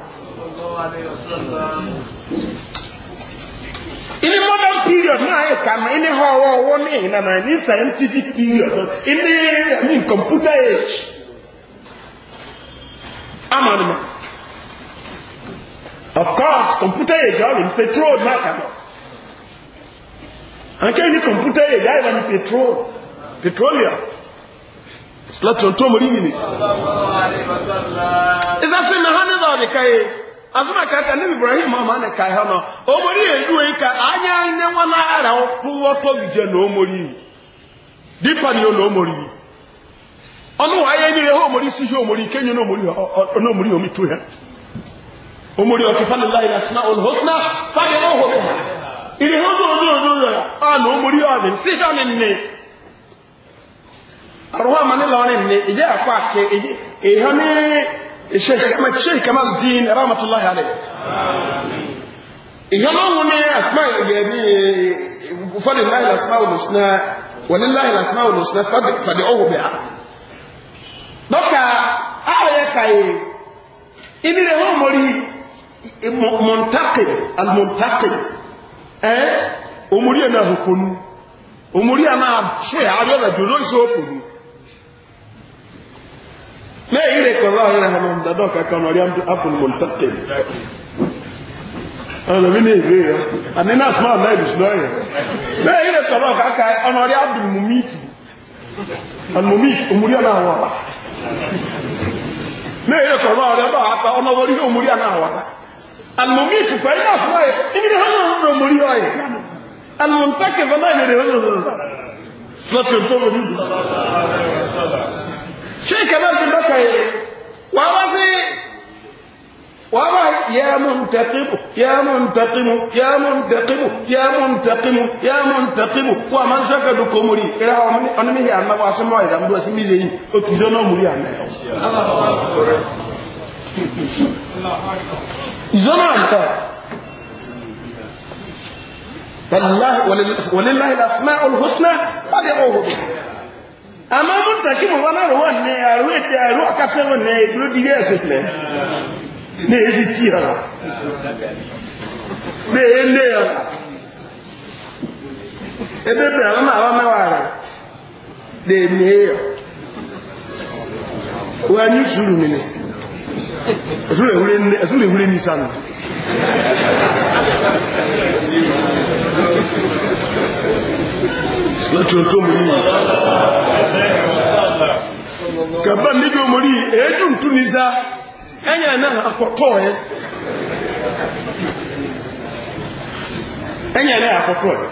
in the modern period na ayi kama in the whole world ni ina na ni scientific period in the i mean computer age Of course, computer yɛ gya ɔyɛ petrol maka anka ni computer yɛ gya ɔyɛ ni petrol petroleum silatu ntɔ mori nyini. Isafi na ha ne ba ɔde ka ye asoma kaka ne Ibrahim ama ne ka ha no omori yɛ du yi ka anya ne wɔn ara to wɔtɔ gya na omori dipa ni na omori ɔno wa ayɛ ni yɛ omori si ha omori kenya na omori ha omi tu ha omori ọkifanilayi asina olùhosina fàyẹ náà hòbẹ ha ìrìhàn dòdòdòdò rẹ àná omori ọdún síta ni nne àrùwá àmàlẹ lọrin nne ìjẹ àkọ àkẹ ìjẹ ìhàn ní sheikh kamal din rahmatulahi alẹ ìhàn náà wọn ní asima ìgbẹ̀bí fàdíláyì asima olùsina wàlíláyì asima olùsina fàdí ọhòbẹ ha dọ́kà ààrẹ kàyé ìnirẹ̀ wọn mọ̀rí mọ̀ntákìn almọ̀ntákìn ẹ́ omori ẹ̀ náà hùkónú omori ẹ̀ náà ṣe àárẹ̀ ọ̀rẹ́ jòjó ìṣó òkònú lẹ́yìn rẹ̀ kọ̀ọ̀rọ̀ ọ̀rẹ́ hàn ọ̀dà dọ̀ kankan ọ̀rẹ́ apple mọ̀ntákìn ọ̀rẹ́ mi ní ìwé yẹn àní náà small náà ìbùsùn náà yẹn lẹ́yìn rẹ̀ kọ̀ọ̀rọ̀ kankan ọ̀rẹ́ abdul mumiti almumiti omori ẹ̀ náà wà lẹ́yìn rẹ̀ kọ̀ọ̀rọ̀ ọ̀rẹ́ bá ọ̀nà المميت كويس أصلاً إني هذا هو مريء المنتكب والله إني هذا صلاة الجمعة شيء كمان في بكاء وأمازي وأما يا منتقم يا منتقم يا منتقم يا منتقم يا منتقم ومن شك دكمري إلى أمني أنا مهي أنا واسم وايد أنا دوس ميزين أكيد أنا مريء أنا الله أكبر ìzọ́nà nǹkan wàlíláhi lásìmá olùhùsùnà fàdé òhùn àmọ́ mú tàkí mọ̀ wọn àrùn wọn ní àrùn ètè àrùn àkàtẹ́ wọn ní ìdúró dídí ẹ̀sẹ̀ mẹ́ ní èsì tí ọ̀rọ̀ ní èlé ọ̀rọ̀ ebe bẹ̀rẹ̀ wọn àwọn mẹ́wàá rẹ̀ lè mí ẹ̀yọ̀ wọ́n á ní sùúrù ẹ̀sùn lè wúlé n'isa sánú láti ọjọ́ mú yìí kàbá níbi omori èédùn tún ní sá ẹ̀yà náà àpọ̀tọ̀ ẹ̀ ẹ̀yà náà àpọ̀tọ̀ ẹ̀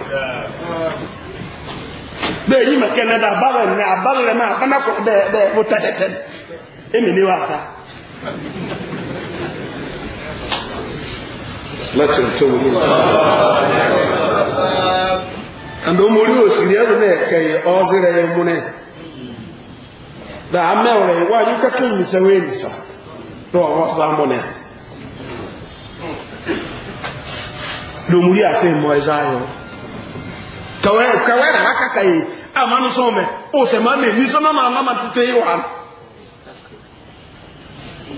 bẹ́ẹ̀ yí lọ́tún tó wù ú. àmì omori òsìrí ẹ̀rù náà kẹyẹ ọ́sí rẹ̀ mú náà dà á mẹ́wọ̀ rẹ̀ wá yóò kẹ́tù nìṣẹ́wé nìṣà lọ́wọ́ wọ́n sá mọ́ náà. lomori àṣẹ mọ́ ẹ̀ sáyọ. kàwé kàwé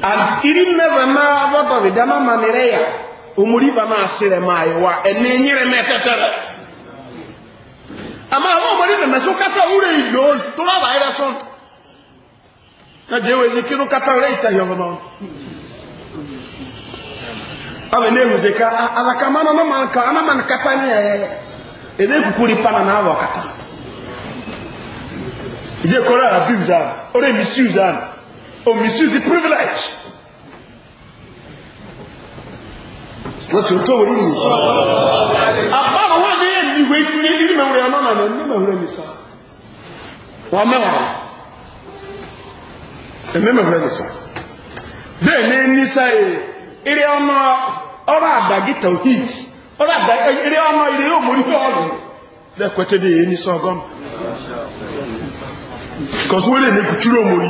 and iri never ma baba bi dama ma mere ya umuri ba ma sire ma yewa ene nyire metetere ama ho mori be meso kata ure ilo to la ba ira son na je we zikiru kata ure ita yo ma ave ne muzeka ala kama na ma ka na ma kata ni e ene kukuri pana na avo kata ije kora abiu zan ore misiu zan or misuse the privilege. Láti ọ̀tọ́ wọlé ní ìsìn. Àpá àwọn àṣẹ yẹn ìwé ìtúlé ní mẹ́wúrẹ́ ọ̀nà náà ní mẹ́wúrẹ́ nìsá. Wọ́n mẹ́wàá. Ẹ̀mí mẹ́wúrẹ́ nìsá. Bẹ́ẹ̀ ni nísá yìí, eré ọmọ ọrọ̀ àdàgí tawhid, ọrọ̀ àdàgí eré ọmọ ilé yóò mórí pé ọ̀rọ̀ lẹ́kọ̀ẹ́tẹ́dẹ̀ yìí nísá ọgọ́m. Kọ̀sùwẹ́lẹ̀ ní kùtúrò mórí.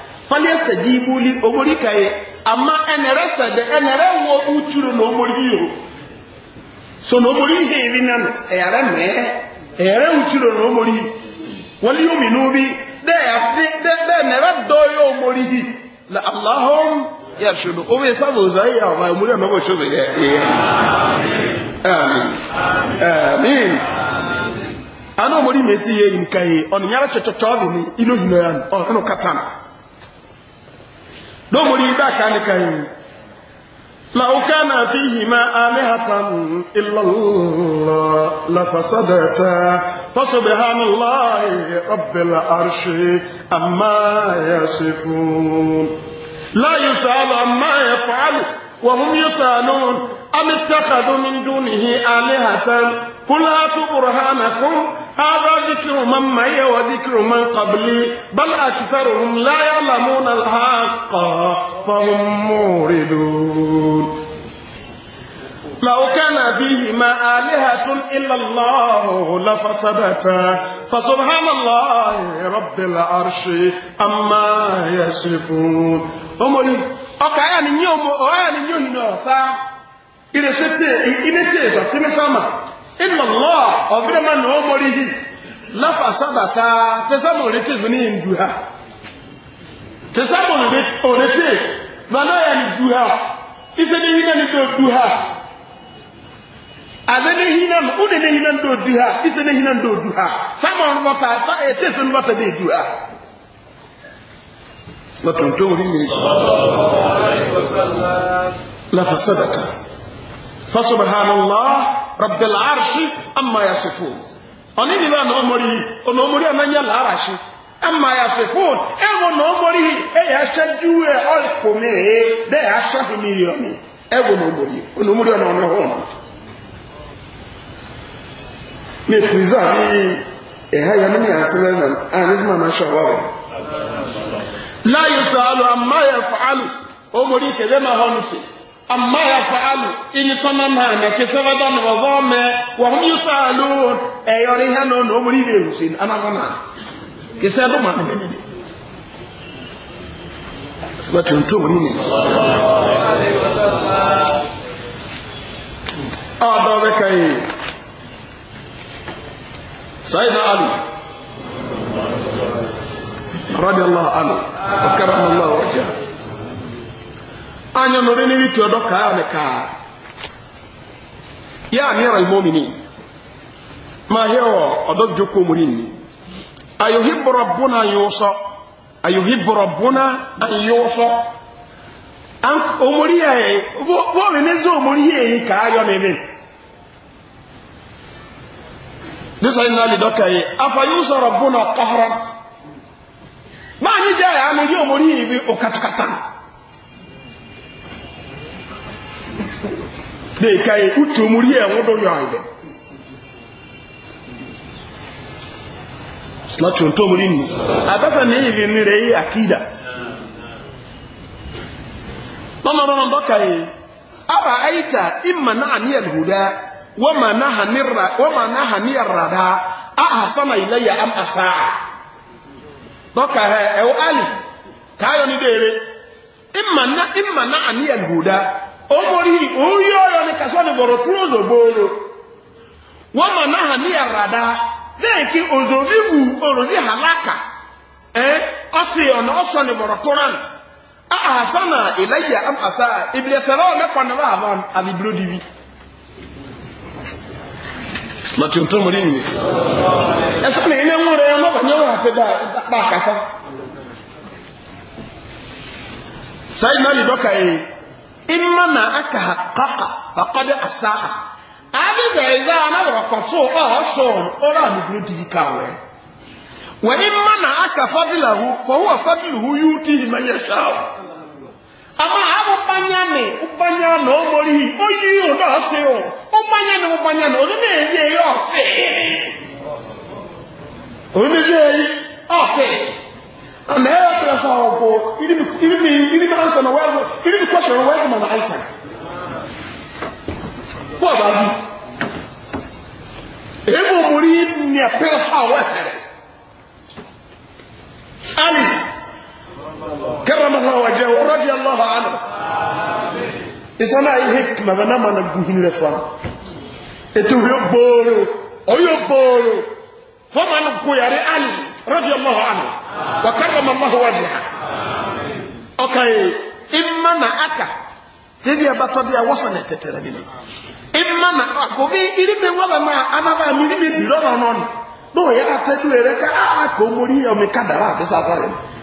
faliesta jibuli omori kaye amma enere sede enere wo uchuru na omori yo so na omori ihe iri na ere me ere uchuru na omori wali yomi nubi de ya de de nere do yo omori hi la allahum yarshudu o we sabo zai ya ba omori na bo shudu ye amen amen ana omori mesi ye in kaye on yara chochocho ni ilo hinoyan on no katana domori daka nika yi lauka na fi hima alihatan illallah la fasadata fasubhanallahi rabbil arshi amma yasifun la yusalu amma yafalu وهم يسألون أم اتخذوا من دونه آلهة قل هاتوا برهانكم هذا ذكر من معي وذكر من قبلي بل أكثرهم لا يعلمون الحق فهم موردون لو كان فيهما آلهة إلا الله لفسدتا فسبحان الله رب العرش أما يصفون أمري أكا يعني نيوم أعني نيوم نوثا إلى ستة إلى تيزة تنسامة إلا الله أبدا ما نومريه لفسدتا تسامو لتبني إنجوها تسامو لتبني إنجوها Ise ni hina ni do duha abe ne hina mu ne ne hina ndo du ha ise ne hina ndo du ha sama no bata sa ete se no bata de du ha na tonto wuri ni la fasadata fa subhanallah rabbil arshi amma yasifun oni ni na no mori ono mori ananya la arashi amma yasifun e wo no mori e ya shaju e o ko me de ya shabi mi yo mi e wo no mori ono mori ono ne preserve ɛha yɛ no ne asɛm na a ah, ne ma ma hyɛ wa wɔ la yusalu amma yaf'alu omori kebe ma hɔ no se amma yaf'alu ini sɔma ma na kese ba dɔn na wɔbɔ mɛ wɔn yusalu ɛyɔri e hɛ no na omori bɛ ewu se ana hɔ na kese do ma na bɛ ne de sọgbà tuntun ní ní ọ̀dọ́ bẹ́ka yìí sayyidina ali radiyallahu anhu wa karamallahu wajhahu anya nore ni witu odo ka ne ka ya amira almu'minin ma hewa odo joko murini ayuhibbu rabbuna yusa ayuhibbu rabbuna an yusa an omori e bo bo ne zo omori e ka ayo ne ne nísà iná lè dọ́kà yìí afayúsọ rọ̀bùnà kọ́họ́rọ́ máa yí jẹ́ àánú yóò mú rí ibi òkàtàkàtà lè ka yìí uchu mú rí ẹ̀wọ́n tó yọ àìdẹ̀ láti ohun tó mú rí nù àbẹ́fẹ̀ ní ìrìn ní rẹ̀ yìí àkídà Aba lọ́nà dọ́kà yìí ara àìta ìmà náà ní ẹ̀lùhùdá وما نهني وما نهني الردى أحسن إلي أم أساء دوكا هي أو علي كايو ني ديري إما نا إما نهني الهدى أمري أويو يوني كسوني بروتروزو بورو وما نهني الردى lẹ́yìnkì òzòvíwù òròdí hàlákà ẹ́ ọ́sì ọ̀nà ọ̀sọ̀ ni bọ̀rọ̀ tó rán àhàsánà ìlẹ́yà àmàsá ìbìlẹ̀tẹ̀rẹ́ ọ̀mẹ́kọ̀ọ́ ni wọ́n àbọ̀ àbíbílódìwì láti ohun tó mọ̀ ní ìyẹn ẹ̀sùn ní ilé mú rẹ̀ mọ́bà ní ọ̀rọ̀ àti bá àkàfà sáyé náà lè dọ́kà yìí ìmọ̀ náà aka kọ́kà ọ̀kọ́dẹ́ àsáà àdìgbà ìgbà anáwọ̀kọ̀ so ọ̀ọ́sọ̀ ọ̀rọ̀ àmìgbò dìí kàwẹ̀ wẹ̀ ìmọ̀ náà aka fọ́dìlà hu fọwọ́ fọ́dìlà hu yóò tì í mẹ́yẹ ama abo banya ne ubanya na omori hi oyi o na ɔse o ubanya ne ubanya ne ɔno na eyi eyi ɔse ɔno na eyi eyi ɔse ama e ɛyɛ ɔbɛrɛ sɛ ɔbɔ irimi irimi irimi ansa na wɛrɛ irimi kɔsɛn na wɛrɛ ma na ansa kó ɔba zi ebi omori ni ɛpɛrɛ sɛ ɔwɔ ɛfɛrɛ ali. كرم الله وجهه رضي الله عنه إذا ما هي حكمة بنما نقول لفهم إتو يبورو أو يبورو فما نقول يا رئال رضي الله عنه وكرم الله وجهه أوكي إما نأكا تبي أبطل بيا وصلنا تتربيني إما نأكا وفي إلمي ولا ما أنا ما ملمي بلونا نون نو يا تدو إريكا آآ كومولي يومي كدرا بساسا يومي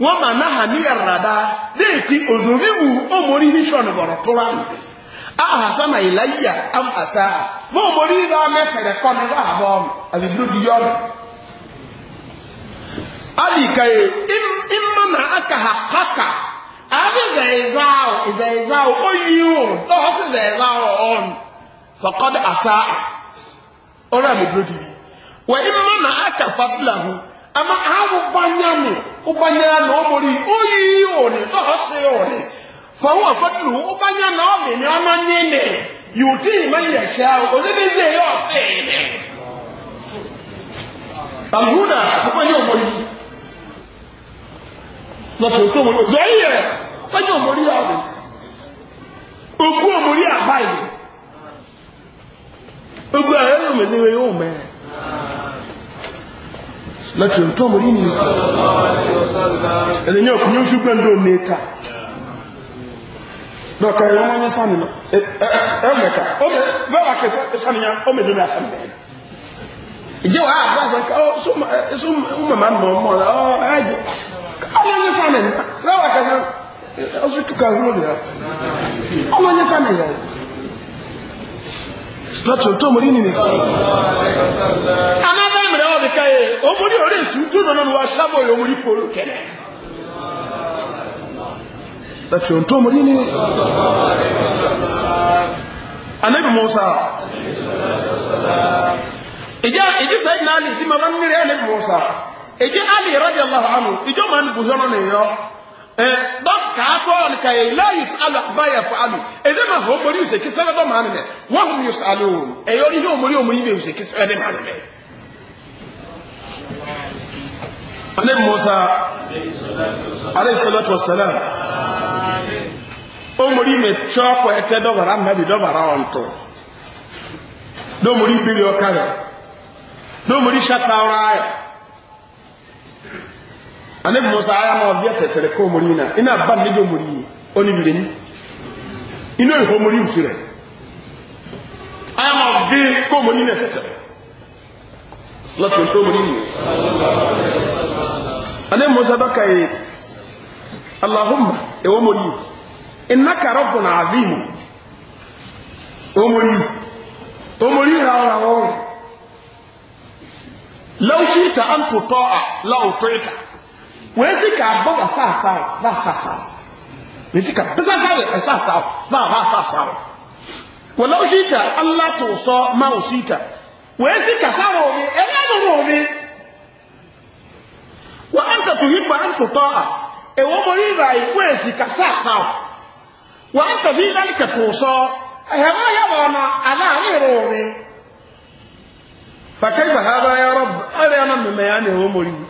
wọ́n ma na ìláyà amàsá mọ́ òmòrí bá mẹ́fẹ̀rẹ̀ kọ́ ní láàbọ̀ ọmọ ya na aka ha haka àbí ìzẹ̀ẹ̀zá ọ̀ ìzẹ̀ẹ̀zá ọ̀ ó yí òun lọ́wọ́ sí ìzẹ̀ẹ̀zá ọ̀ na aka fàbílà hụ ama ahụ bá nyàmù ubanya na omori oyi oni tohose oni fawo afadulu ubanya na omi ni ọna nyine yudi man yasha oninize ya ọsẹ ni banguna ubanya omori lọtọ tó omori zọyẹ fẹjọ omori ahụ ogun omori abayi ogun ahụ ẹyọ mẹlẹwẹ yóò mẹrẹ láti ọ̀tọ́ mọ̀ rí ní ẹ̀lẹ́yìn ọkùn yóò ṣúgbẹ́ ndó mẹ́ta dọ́ka ẹ̀rọ mọ́ ní sánìyàn ẹ̀mẹ́ta bẹ́ẹ̀wà kẹsànìyàn ọmọdé ní àfẹ́mẹ́ ìjẹ́ wà á gbáṣẹ́ ọmọmọ mọ̀ mọ̀ ẹ̀jẹ̀ ọmọ ní sánìyàn bẹ́ẹ̀wà stọtù tó mọ̀rí nìyí. anáfẹ́ mìíràn wọ́n fi káyé omori orí èsù tún nínú ni wọ́n sábò yìí omori polo kẹ̀lẹ́. stọtù tó mọ̀rí nìyí. anabi ni ìdí màmá nílẹ̀ anabi ali rẹ̀ allah hanu ìjọ màá ní bùsọ̀rọ̀ nìyọ. Eh, dɔk kaa fɔ ɔn ka ye la ala baya alu ɛdɛ ma eh, hɔn mori yuse kisɛ dɔ maa ni mɛ wɔn kun eh, omori omori ale musa ale salatu wasalam omori mɛ tsɔ kɔ nabi dɔbara biri ɔka yɛ dɔmori sata ɔra ane musa aya ma ɔbia tɛtɛrɛ kɔ omori na ina ba ne bɛ omori yi ɔne bi lenyi ina ehɔ omori nsu rɛ aya ma ɔbi kɔ omori na tɛtɛrɛ lɔtɔ kɔ omori ni ane musa dɔka yi alahuma ewɔ omori yi ina karo gona avi mu omori yi omori yi rawura wɔn lawusi ta an tutɔ a lawutɔ ita. wesi ka bɔ asaasaw ba asaasaw wesi ka bisasaw yɛ asaasaw e ba ba asaasaw wɔlɔw si ta ala t'o sɔ ma o si ta wesi kasa wɔ mi ɛna e mo wɔ mi wa an ta tuhi e ba an tutɔ a ɛwɔ mo ni ba yi wesi ka saasaw wa an ta fi nani ka t'o sɔ ɛhɛma yɛ wɔ na ala ale yɛrɛ wɔ mi fakɛ gba ha ba yɔrɔ ɛrɛ yɛrɛ mɛmɛ ya ni ɛwɔ mo ni.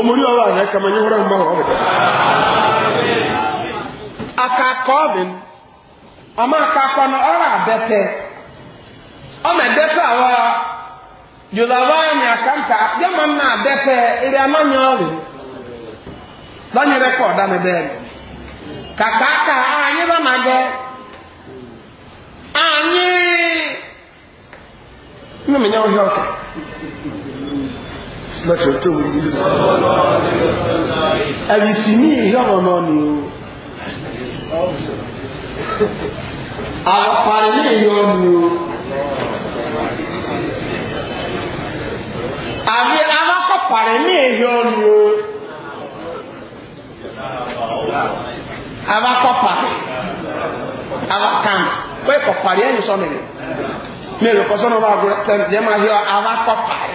omori ọrọ ahịa kama nye nwere mgbanwe ọbụla aka ka ọ dị ama aka akwa na ọrụ abete ọ na-edete awa yoruba anyị aka nka ya ma nna adete iri ananya ọrụ lọnyere ka ọda na bee ka ka aka anyị ba na gị anyị mmemme ya ọka lọ́tọ̀ tó wù yìí ẹ̀rìsì ní ìhọ́rọ̀ náà ni o àpàrí ní ìhọ́ ni o àbí alákọ̀pàrí ní ìhọ́ ni o alákọ̀pàrí alákàn pé kọ̀pàrí ẹ̀yìn sọ́nà rẹ̀ mi ò kọ́ sọ́nà bá gbọ́ tẹ̀ jẹ́ máa yọ alákọ̀pàrí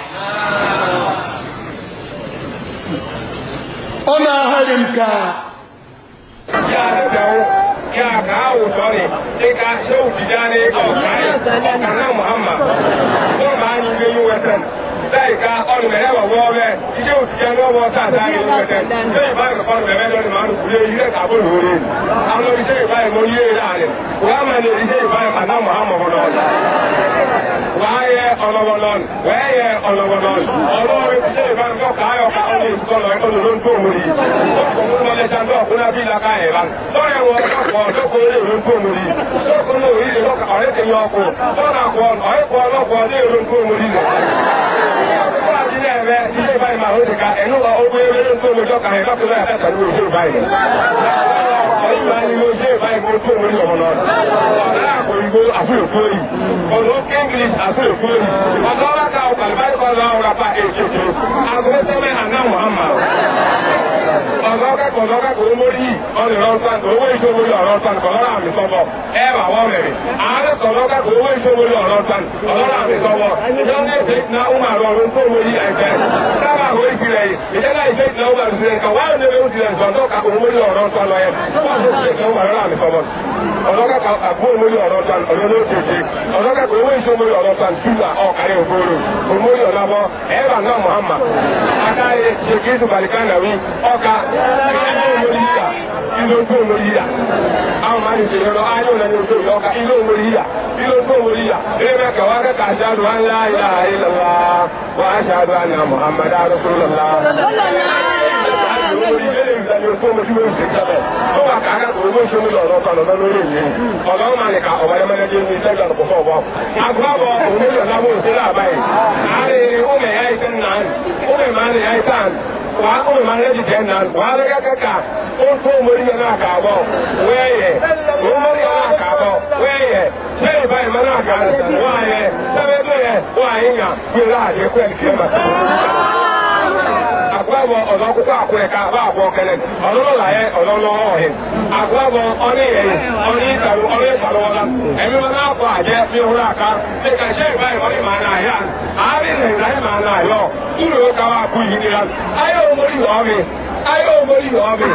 ọ̀nà ahàrẹ̀ nkà ya ka awo sɔre e ka sew didane ɔka ye ɔkana muhammad tó maa nyi bɛ yi wɛsɛn sayi ka ɔnumɛrɛ wa wɔɔbɛ ije o tijɛ n'o wɔ sa sa yi wɛsɛn seyi b'a yɛrɛ kɔnɔ bɛbɛ lɔri maa nukule yi yɛrɛ k'a bɔ lori alo seyi b'a yɛrɛ mɔni yɛrɛ ka ayɔ ka ɔlɛ sɔlɔ ɔlɔlɔ ntomo yi lɔkɔ mu lɔlɛ sanfɛ ɔkuna bi la ka yɛ la lɔrɛ wɔ lɔkɔ lɔkɔ ɔlɛ ntomo yi lɔkɔ n'o yi lɔkɔ ɔlɛ ti nyɔ ko lɔrɛ kɔ ɔyɛ kɔ lɔkɔ ɔlɛ ntomo yi lɛ ahụ dị ka ịnụlọ ụgbọ elu nke omejọ ka ha ịkapụla ya kacha n'ụlọ ofe banyị ọdụba n'ime ofe banyị bụ ofe onwe ndị ọmụnọ na-akpọ igbo abụrụ okwu oyi ọnụ oke ingilish abụrụ okwu oyi ọdụ ọla ka ụkwa alịbarịkọ ọla ọhụrụ apa echeche muhammad kẹ́kọ̀ọ́ lọ kẹ́kọ̀ọ́ mórí ọ̀rẹ́ rọ́ọ̀tàn owó ìṣòwò ọ̀rọ̀ọ̀tàn kọ̀lọ́rọ̀ àmì sọ́bọ̀ ẹ bà wọ́n rẹ̀ ààrẹ kọ̀ọ̀lọ́ kẹ́kọ̀ọ́ owó ìṣòwò ọ̀rọ̀ọ̀tàn kọ̀lọ́rọ̀ àmì sọ́bọ̀ yọ́nà ìṣe na umar ọ̀run tó mórí ẹ̀fẹ́ sábà àwọn èsì rẹ̀ ìjẹ́lá ìṣe na umar ti rẹ̀ kàn wáyé lórí ti rẹ̀ sọ̀tọ̀ kàkọ́ mórí ọ̀rọ̀ọ̀tàn lọ yẹn wọ́n ti ṣe ìṣe umar ọ̀rọ̀ àmì sọ́bọ̀ ọ̀dọ́kà àbú omori ọ̀rọ̀tàn ọ̀rọ̀ muhammad akáyé ṣèkí ìtùbàlìkánà wí ọ̀ka ilé ojú olórí yà àwọn máa ń ṣe yọrọ ayé òlẹ́ni ojú òlọ́ ka ilé olórí yà ilé ojú olórí yà ilé mẹ́kà wá kẹ́kà aṣáájú wa ńlá ilá ilá wa wá aṣáájú àná muhammadu arúgbó Ọba kaka owó sunu lọ́dọ̀ kan lọ́dọ̀ lórí ìyẹn. Ọba ọmọ àlè ka ọba ẹmọ ẹdẹ ní sẹ́gbà lọ́kọ̀ fún ọba. Agbábọ̀ òun ló sọ̀rọ̀ lábọ̀ òṣèlú àbáyé. Àárẹ̀ ọmọ ẹ̀yà ìtẹ̀ nàn, ọmọ ìmọ̀ àlè ẹ̀yà ìtàn kwa ko ma ne ji tena kwa da ka ka ko ko muri na ka bo weye ko muri na ka bo weye sai bai ma na ka waye sabe do ye wa inga ki la je ko ki ma agwa bụ ọzọ akwụkwọ akwụrụ ka agba agwa ọlụlụ na ya ọlụlụ ọhị agwa bụ ọrụ ihe ọrụ ịtarụ ọrụ na akwa aje mehụrụ aka dịka ma na ahịa na na ahịa ụlọ ụka wa ya ahịa omori ọmị ahịa omori ọmị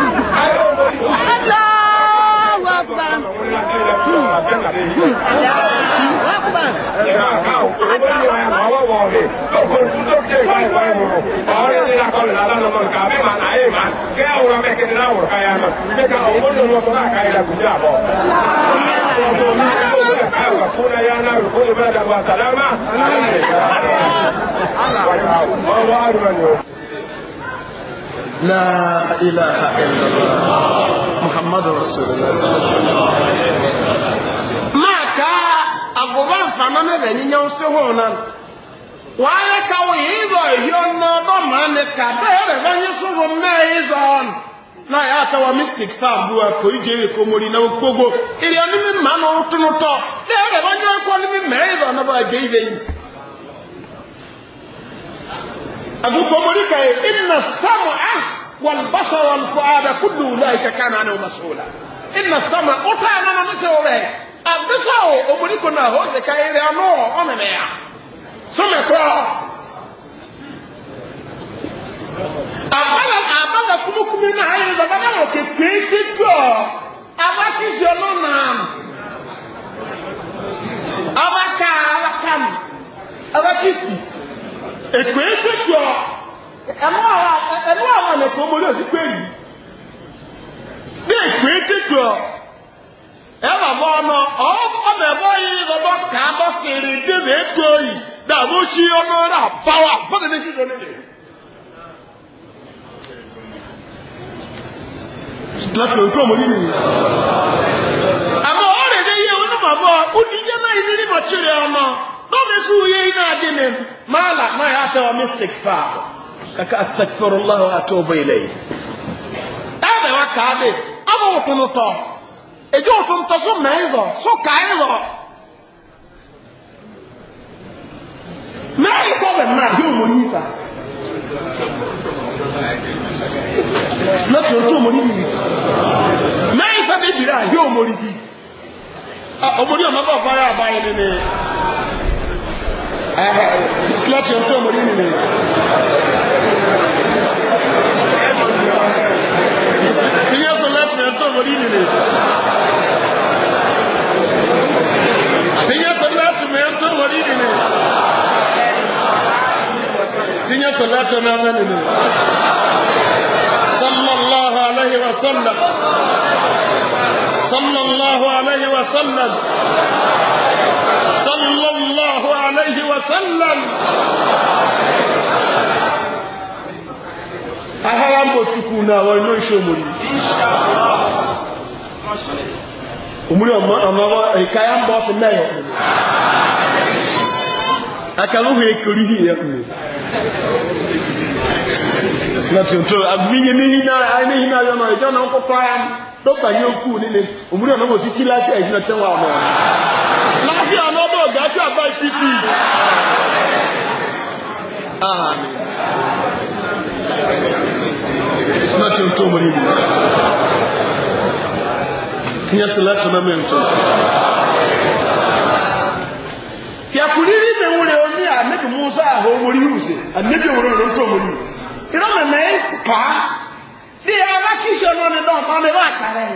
ahịa omori ọmị akbar. Hmm. akbar. Ahora ni La ilaha illallah muhammadu rasulillah máa ká agoba nfààná náà lè nyínyá ń sè hó nan wàá yẹ ká wọ yìí bọ̀ èyí ọ̀nà ọ̀dọ́ màá ní ká bẹ́ẹ̀ rẹ̀ bá yín sùn fún mẹ́ẹ̀ yìí zọ̀ ọ́n náà yà mystic fáà bu ẹ̀kọ́ ìjẹ́ èkó mórí náà gbogbo ìrìn ọ̀nà mi màá nà ó tún tọ̀ bẹ́ẹ̀ rẹ̀ bá yín ẹ̀kọ́ ọ̀nà mi mẹ́ẹ̀ yìí zọ̀ ọ̀nà bá jẹ́ ibẹ̀ yìí. àgùkọ mórí kàyé ìnà sámù á والبصر والفؤاد كل أولئك كان عنه مسؤولا إن السماء أطعنا نمسوره أبسو أبنكنا هو زكاير أنو أمنيا سمتوا àbálà àbálà kúmúkúmú náà ayé bàbá náà òkè péjì jọ abákísí ọlọ́nà abáká abákàm abákísí èkó èkó jọ. ẹnu àwọn ọ̀nà tó mọ́ lóòsí pé yìí ní ìpè títù ọ ẹwà bọ́ ọmọ ọmọ ẹ̀bọ́ yìí lọ́dọ́ ká bọ́ sí rí débi ètò yìí dààmú sí ọmọ rà báwà bọ́dẹ̀ ní kíkọ nílé. láti ọmọ kaka astagfirullah wa atubu ilayhi ẹbẹ wa kaade ama wò tunu tọ eji wò tunu tọ so mẹẹ zọ so kae zọ mẹẹ sọ bẹ mẹẹ yóò mọ yìí fa sinatu o tó mọ yìí mẹẹ sọ bẹ bìrẹ yóò mọ yìí ọmọdé ọmọ bá ọba yà báyìí nínú ẹ ẹ sinatu o mọ yìí nínú. ìyẹn sọ láti rẹ̀ tó lórí nìyẹn tìyẹn sọ láti rẹ̀ tó lórí nìyẹn tìyẹn sọ láti rẹ̀ náà nìyẹn sallallahu alayhi wa sallam sallallahu alayhi wa sallallahu alayhi wa sallam. ahara mbotukwu wa inyo nshomori Omúrí ọ̀nàwọ́ ìkáyà ń bọ́ sí mẹ́yọ̀ pẹ̀lú. Akàlúhù èkòrí yìí yẹ pẹ̀lú. Nàtìntò, àbíyẹ méhì náà yọ náà ìjọ́ náà kọ́kọ́ ya lọ́pàá yóò kú ni. Omúrí ọ̀nàwọ́ sí tí láti ẹ̀jìnà tẹ́wà ọ̀nà. Láti ọ̀nà ọ̀dọ̀ ọ̀gá tí àbá ìfìtì. Àmì suna cin to muri mu kinya salatu na men to ya kuriri me wure oni a nabi musa a ho muri use annabi wure no to muri ira me me pa di ara kisho no ne don pa me ba kare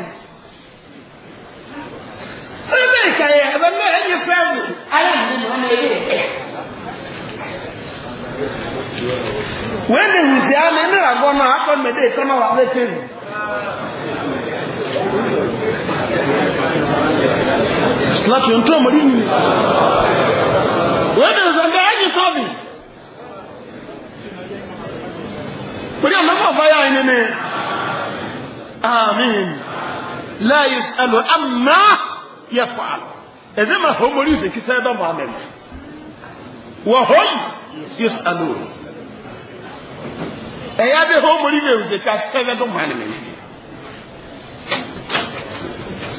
sebe ka ye ba me ye sebu ala ni no ne ye wẹ́ẹ̀ni hùsì á ní níràgọ́ náà akọ mẹ́dẹ́ ìtọ́nà wà lẹ́tẹ̀ rù. láti ohun tó mọ̀ rí mi wẹ́ẹ̀ni hùsì ọ̀gá ẹ̀yìn sọ́ọ̀bì pẹ̀lú àmọ́fà fáyà ẹni ni amin láyé sẹ́lò àmà yẹ fàálù ẹ̀dẹ́ máa hó mọ̀ rí ìsèkí sẹ́dọ̀ mọ̀ àmẹ́mẹ́ wọ̀ hó yẹ sẹ́lò ɛyà de hɔn mori bɛ wuse ka sɛbɛ do maa nimɛ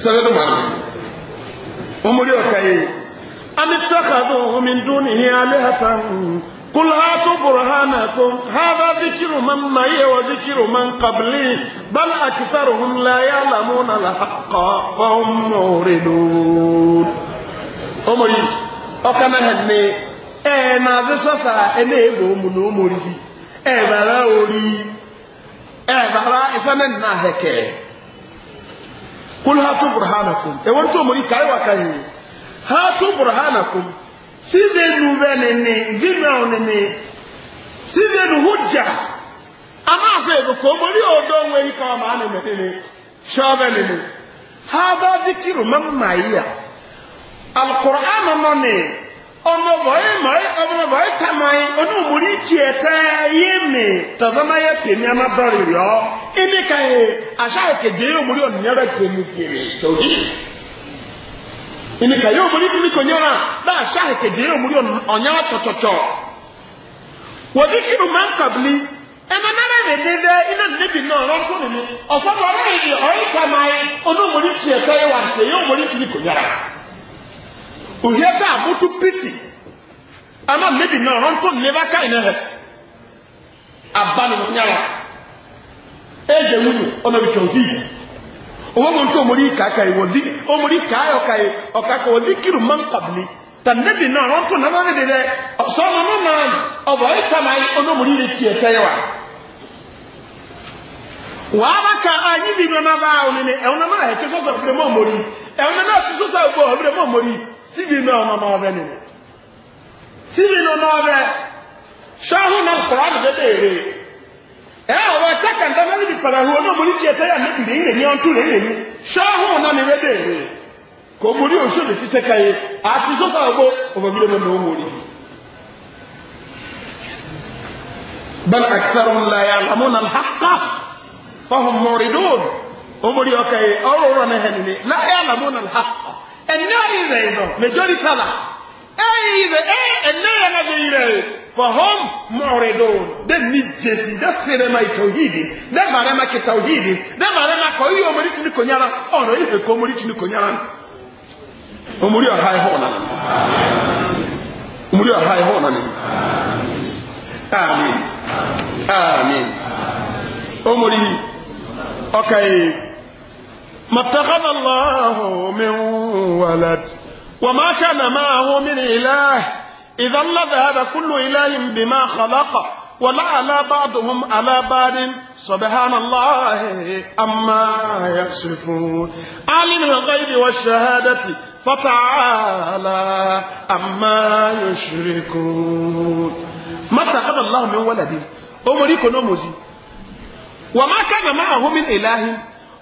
sɛbɛ do maa nimɛ wɔn mori yɛ ka ye ami takadu min dunihi alihatan kul hatu burhanakum hadha dhikru man ma'iya wa dhikru man qabli bal aktharuhum la ya'lamuna al-haqqa fa hum muridun omori ọkana hẹni ẹ na adé sọfà ẹ na ewu omu na omori yìí ebara ori ebara isane na heke kul ha tubur ha na kum e wonto mori kai wa ha tubur ha na kum sive nuve ne ne vime one ne sive hujja ama se do ko mori odo nwe ika ma ne ne ne shobe ne ne ha ba dikiru mamma iya alquran no ne ọmọ bọ̀ọ́yì mọ̀ọ́yì ọmọ bọ̀ọ́yì tamayì onímọ̀mọ̀rì tiẹ̀ tẹ́ yé mi tọ̀sánná yẹ pèmí ẹ̀ má bẹ̀rẹ̀ rẹ̀ ẹni ká yẹ àṣà ìkejì yẹ ọmọdé ọ̀nìyàrá pèmí pèmí tòdì ẹni ká yẹ ọmọdé fún mi kò nyẹ́ra bá àṣà ìkejì yẹ ọmọdé ọ̀nyàrá tọ̀tọ̀tọ̀ wọ́n kíkiri máa ń kàbílí ẹ̀ma náírà rẹ̀ nínú òhìá tá a bótú pìtì ama mẹbi náà rántó nílẹ̀bá ká iná rẹ̀ abánumọ̀nyára ẹ̀jẹ̀ wúlò ọmọ ibi kan hìí owó mọ̀ tó omori kàkà yìí wọ̀dí omori kàáyọ̀ ọ̀kàkà tà náà rẹ náà kàmá yìí rẹ tiẹ̀ tẹ́ wa. nọ náà bá àwọn ènìyàn náà ẹ̀ síbi náà ọmọ ọmọ ọbẹ nìyẹn síbi náà ọmọ ọbẹ ṣọ́hún náà kọ̀rọ̀ àdìdẹ́ tẹ̀lé ẹ ọ̀rọ̀ ẹ̀tẹ́ kàńtà náà níbi pàdánù ọmọ mo ní tiẹ̀ tẹ́yà níbi lè yìnyín ọ̀tún lè yìnyín ṣọ́hún náà ní wẹ́dẹ̀ rè kò mo ní oṣù lè títẹ́ ka yé àti sọ́sà ọgbó ọ̀fọ̀mílẹ̀ mọ́ mọ́ wọ́n rí. bẹ́ẹ̀ akisẹ́rù ńlá yà lámú nà láhàkà fọ́hùn mọ́rìdùn ọmọ rí ọkà yé ọ̀rọ̀ ọ̀rọ̀ náà hẹ́ni ní láyà lámú nà ɛnna yi rɛ yi nɔ majority la ɛyɛ yi rɛ ɛyɛ ɛnna yɛ la bɛ yi rɛ yi fɔhɔn mɔɔre do de ni jesi de sere ma tawhidi de mare ma ke tawhidi de mare ma kɔ iye omori tuni konyara ɔnɔ oh, ihe ko omori tuni konyara omori ɔha ihe ɔnani omori ɔha ihe ɔnani amin amin omori ɔka yi. متخذ الله من ولد وما كان معه من إله إذا لذهب كل إله بما خلق ولا على بعضهم على بعض سبحان الله أما يصفون عالم الغيب والشهادة فتعالى أما يشركون ما اتخذ الله من ولد أمريكو نوموزي وما كان معه من إله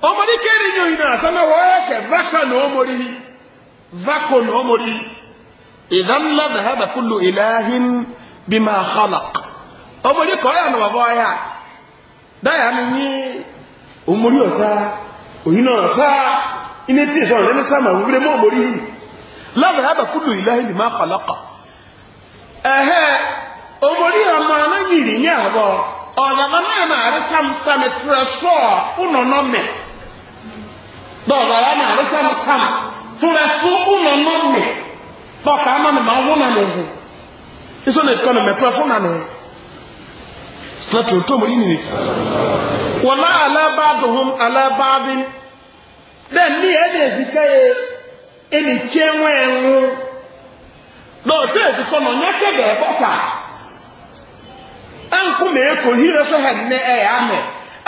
ọmọdé kéré ní òyìnbó àsámẹ́ wọ́n ẹ̀kẹ́ vaka ọmọdé yìí vako ní ọmọdé yìí ìdánlá dàhábà kúlù ìlàhín bí máa xalaq ọmọdé kọ́ ẹ̀yà náà dáyà mi ní ọmọdé ọ̀sá òyìnbó ọ̀sá iná tí ìṣọ̀rọ̀ lẹ́nu mọ́ ọmọdé yìí lọ́dàhábà kúlù bí máa ẹ̀hẹ́ ọmọdé ọmọ ní àbọ̀ náà máa rí dɔwɔbara ama na no sam furefu fún ɔnà ama ma iso na esikɔ na mɛtura fún na mi na tó tó mo yi nìyí wọlá alábàdùn alábàdùn ezika yẹ ẹni tiẹ́ na onye kebe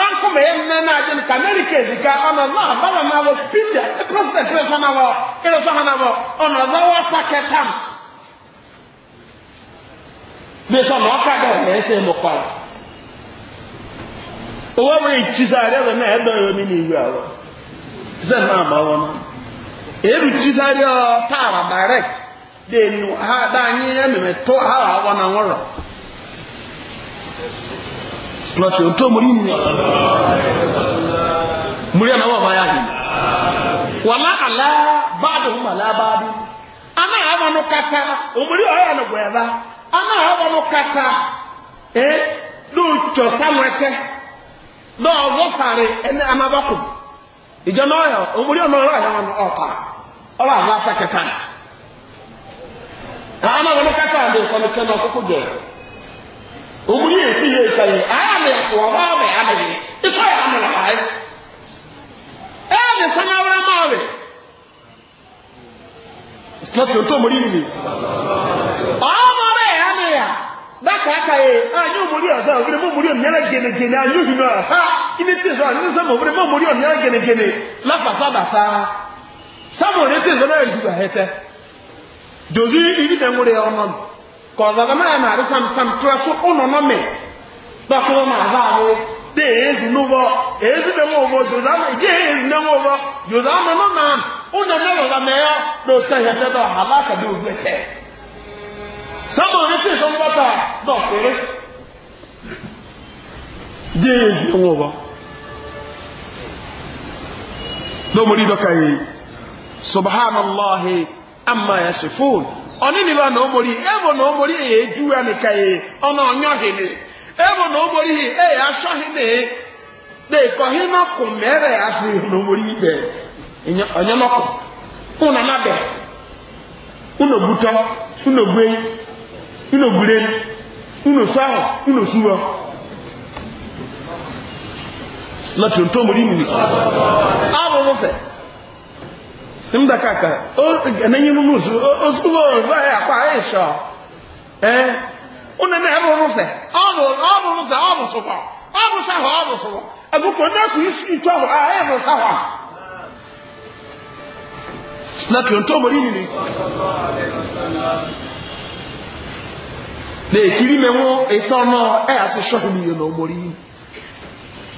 anko mɛ yɛ mɛ na adi ka amerika ezika ɔnɔ na abala na wɔ peter president ɛrɛ sɔ na wɔ ɛrɛ sɔ na wɔ ɔnɔ na wɔ afa kɛtam bɛ sɔ na ɔka dɛ ɔmɛ ɛsɛ mo kpara owó wo etsi sa ɛrɛ wɔ na ɛbɛ yɔ mi ni iwu awɔ sɛ na ama wɔ na ebi tsi sa ɛrɛ ɔ taara direct de nu ha da anyi ɛmɛ to ha wɔ na wɔrɔ. slọ́tí to tó mú rí na múrí àmà wọ́n báyá yìí wà láàlá báàdùn màlábáàdì anáhàwọnú kata òmúrí ọ̀yà nù gbẹ̀ẹ́bá anáhàwọnú kata ẹ lóòjọ sáwẹtẹ lọ́ọ̀zọ́ sàrẹ̀ ẹni anábọ́kù kata omuli esi yɛ eka yi aya mi wɔ hɔ mi ama yi efo yɛ ama na ayi ɛyɛ mi sama awura ma ɔbi silati to omuli yi mi ɔmo bɛ yɛ ama yɛ daka aka yi anyi omuli ɔsɛ obiri mo omuli omi yɛlɛ genegene anyi ohi mi ɔsa kọ̀ọ̀dọ̀dọ̀ máa ma rí samsam tura so ọ̀nà ọ̀nà mẹ́ gbàkúrò máa bá a wọ dé èézù ló bọ èézù lè mú ọbọ yòdà mọ ìdí èézù lè mú ọbọ yòdà mọ náà nà ọ̀nà mẹ́rọ̀ la mẹ́yọ ló tẹ̀ yẹ tẹ́ dọ̀ àbá kàdé òdu ẹ̀ tẹ́ sábà ní tí ìsọ̀n bá ta dọ̀ dé èézù lè mú ọbọ. lọ́mọdé dọ́ka yìí subhanallah amma yasifun. ọ̀nìní bá nà ọmọrí ẹ̀bọ̀ nà ọmọrí èyí ejú wa nìkan yìí ọ̀nà ọ̀nyọ́hìn ni ẹ̀bọ̀ nà ọmọrí yìí èyí asọ́hìn dèkọ̀hìn náà kò mẹ́rẹ̀ àti nà ọmọrí yìí bẹ̀ ọ̀nyọ́nọ́kọ̀ fún nà nàbẹ̀ simda kaka o gananyi mu musu o suwo so ya kwa isho o una na ebo no fe obo nos no fe obo so kwa obo sa ho obo so agu ko na ku isu itwa ho ah ebo sa ho na tu nto mo ni ni le kiri me wo eso no e aso sho ni no mo ri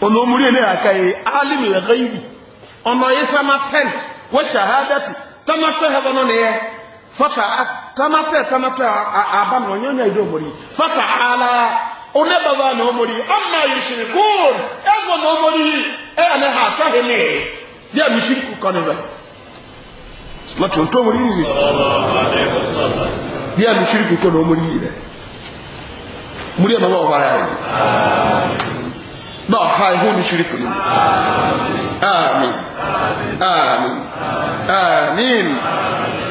ono mo ri le aka e alim al ghaibi ono yesa ma 10 washahadati tamata hɛbɔ no ne fata tamata tamata aba na ɔnyɛ ɔnyɛ ɛdɔ mori fata ala ɔne baba na ɔmori ɔna yusiri kool na ɔmori ɛyɛ e, ne ha asahe ne yɛ misiri kukɔ ne bɛ ma tuntun mori yi yɛ misiri kukɔ na ɔmori yi dɛ muri ɛma yɛ na ɔha ihu misiri kunu amen. آمين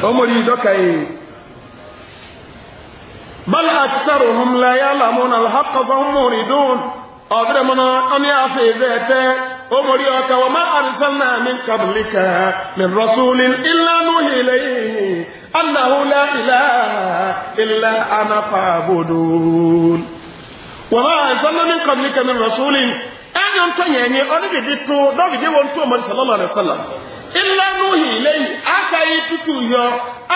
أمري دكاي بل أكثرهم لا يعلمون الحق فهم موردون أبرمنا أم يعصي ذاته أمري وما أرسلنا من قبلك من رسول إلا نوحي إليه أنه لا إله إلا أنا فاعبدون وما أرسلنا من قبلك من رسول أن ينتهي أن يدي تو دغدي وانتو صلى الله عليه وسلم ilá nuhi lẹ́yìn aka yìí tutu yọ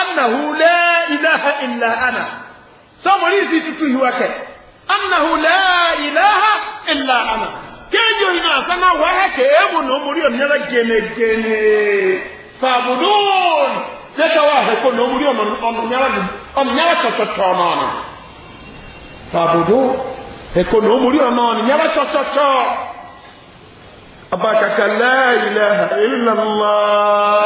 anahu lẹ́ ilaha ilá ana sọmọlì sì tutu yìí wákẹ́ anahu lẹ́ ilaha ilá ana kéèjì òyìn náà sánà wà hẹ́kẹ́ èèmù ní omori òmìnira gẹ́nẹ́gẹ́nẹ́ fàbùdùn yẹ́kẹ́ wà hẹ́kọ́ ní omori òmìnira tọ̀tọ̀tọ̀ ọ̀nà ọ̀nà fàbùdùn hẹ́kọ́ ní omori ọ̀nà tọ̀tọ̀tọ̀ أباك كان لا إله إلا الله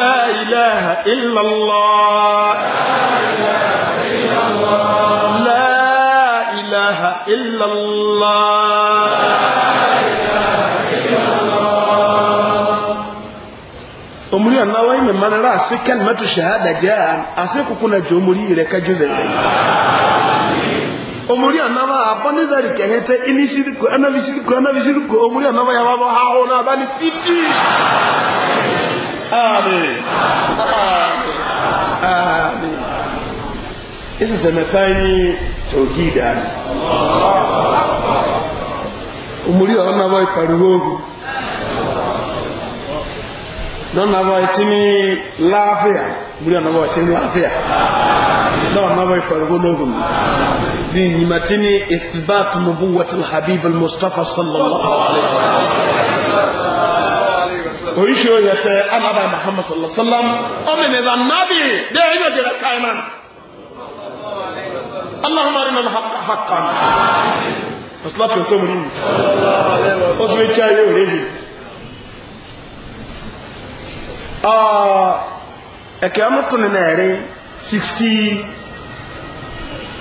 لا إله إلا الله لا إله إلا الله أمري أن الله من من رأسك كلمة شهادة جاء أسيكو كنا جمري إليك جزء omuri anaba abani zari kehete ini shiriku anabi shiriku anabi shiriku omuri anaba ya baba hao na abani piti amen amen isi semetani togida omuri anaba iparuhohu don na bai tini lafiya buri na bai tini lafiya don na bai fargo nogun din yi matini ithbat nubuwat alhabib almustafa sallallahu alaihi wasallam oyi shi ya ta uh, anaba muhammad sallallahu alaihi wasallam o ne da nabi da ya jira kaiman اللهم ارنا الحق حقا اصلاه تومرين صلى الله عليه وسلم اصلي تشاي وريحي Uh, ẹ̀kẹ́ ọmọ tó nínú ẹ̀rí sixty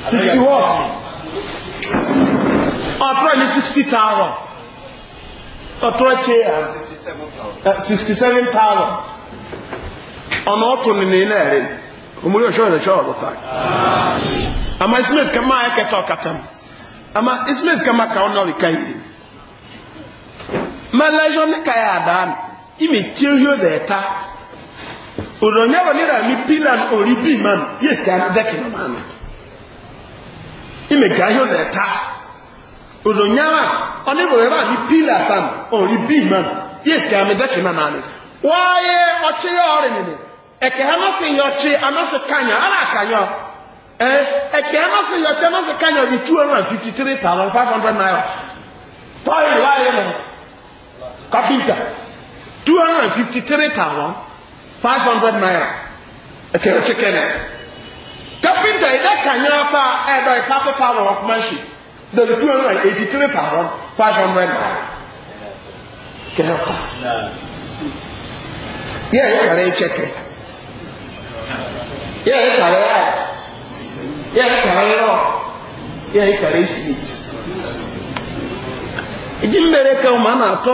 60 what? ọ̀tọ́ ní thousand. ọ̀tọ́ ẹ̀kẹ́ 67,000 ọ̀nà ọ̀tọ́ nínú ẹ̀rí omori ọ̀ṣọ́ ìrẹ̀ṣọ́ ọ̀rọ̀ta ama ismail kama ẹ̀kẹ́tọ̀ katam ama Smith kama kàwọn náà rí káyé mẹ́lẹ́ṣọ́ ní káyé àdáni ime tie hio da eta odonya wali ra mi pilan ori bi man yes ka da ke man ime ga hio da eta odonya wa oni go ra mi pilan sam ori bi man yes ka me da ke man wa ye oche yo re ni eke ha ma se yo che ama se kanya ana kanya eh eke ha ma se yo che ama se kanya bi 253500 naira Paul, why are you? Carpenter. 253,000 500 naira ɛkɛrɛ kyekɛ na kapinta yi daka nyɛ fa ɛdɔ yi pato taabo ɔkumanhyi dɔbi 283,000 500 naira kɛrɛ kɔ yɛ yɛ kare yɛ kyɛkɛ yɛ yɛ kare yɛ yɛ yɛ kare yɛ rɔ yɛ yɛ kare yɛ sinmi. Eji mbere ka ụmụ a na-atọ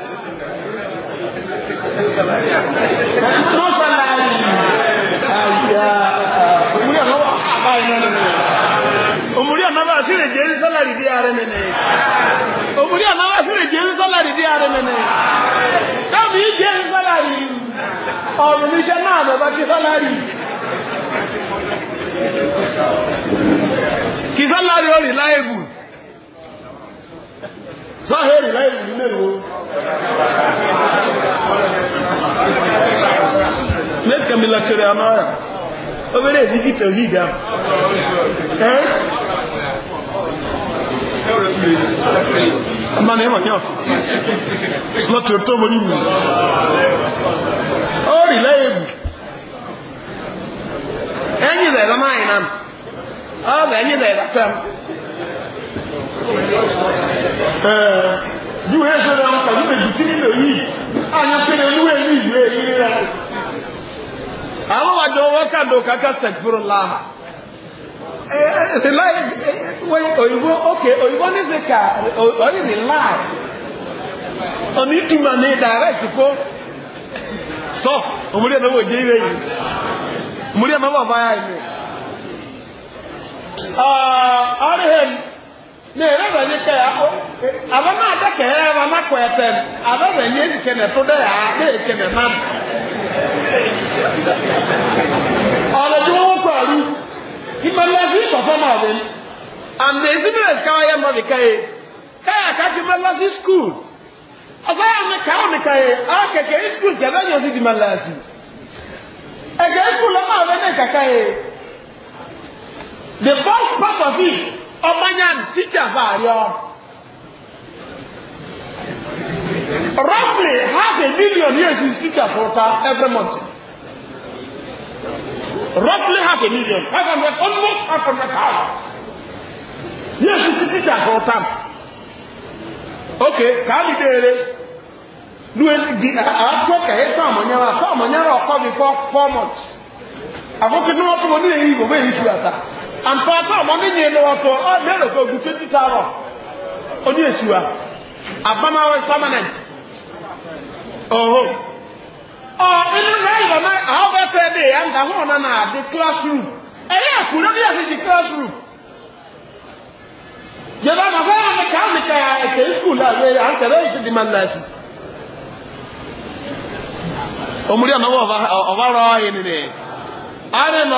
mọ́sálà àyà òmùrí ọ̀nà wà àbá iná nìyẹn òmùrí ọ̀nà wà sí rèjì ẹni sọ́là rìdí ààrẹ nìyẹn òmùrí ọ̀nà wà sí rèjì ẹni sọ́là rìdí ààrẹ nìyẹn dábì ìjì ẹni sọ́là rì ọ̀rùn níṣẹ́ náà bàbá kí sọ́là rì kí sọ́là rì ó rì láì gùn sáhẹ́rì láì rùn nínú lẹ́tìkà mi lọ́tẹ̀rẹ̀ amáyà ó bẹ̀rẹ̀ èsì kí tẹ̀lú ìdá ọmọ ni ẹmọ̀ yàn slọ́tì ọ̀tọ́ mọ́ nínú ó rí lẹ́yìn ẹ̀yìn rẹ̀ lọ́máyìn náà ọ̀rọ̀ ẹ̀yìn rẹ̀ lọ́tẹ̀rẹ̀ yíwé sọ́dọ̀ àwọn kàlú méjì tí nílò yìí àyàn pínlẹ̀ olúwẹ̀ ní ìlú èyí rẹ̀ àwọn àjọ wọ́kàdọ̀ kàkà stẹ̀kfúrú láhà òyìnbó ok òyìnbó ní sí ka ọyìn ní láà ọ̀nà ìtumà ní direct kó tọ́ òmùrí ẹ̀mẹ́wò jẹ́ ilé yìí òmùrí ẹ̀mẹ́wò ya yìí ọ̀rẹ́hìn n'erebe ni kɛ e, akɔ ava ma adaka yɛ ava ma kɔ ɛtɛm ava bɛ nye esi kɛnɛ to dɛ yaa ne yɛ kɛnɛ nam ɔlɔdi wɔn kɔ alu ma ɔbɛn and esi mi ka skul ɔsɛ yɛ mi kawo ka yɛ ɔ skul kɛ bɛ nyɛ osi di imalasi ɛkɛ ma ɔbɛn ne kaka yɛ ọmanyan teachers are your roughly half a million years is teachers for ta every month roughly half a million five hundred almost five hundred thousand years is teacher for ta okay kàmi déere lóye di àtọ kẹyẹ tó àmọnyára tó àmọnyára ọkọ mi for four months àkókò ní wọn fún wọn nílẹ yìí bò bẹ́ẹ̀ yìí ṣùgbọ́n ta. àǹtọ́ atọ́ ọmọ ní yìí ọ mẹ́rẹ̀ kó ogun twenty thousand oní èsù wa àbámáwá permanent oh ọ inú rẹ̀ yọ̀ náà àwọn fẹ́ fẹ́ bẹ́ẹ̀ yà ń dà hàn náà náà di classroom ẹ̀yẹ́ àkùrẹ́ bí ẹ̀sìn di classroom yàrá náà fẹ́ àwọn ẹ̀ka àmìkà ẹ̀kẹ́ school àgbẹ̀ yà ń tẹ̀lé ìṣe di mandasi omuri ànáwó ọ̀bá rọ̀ ẹ̀yìn nìyẹn àárẹ̀ nà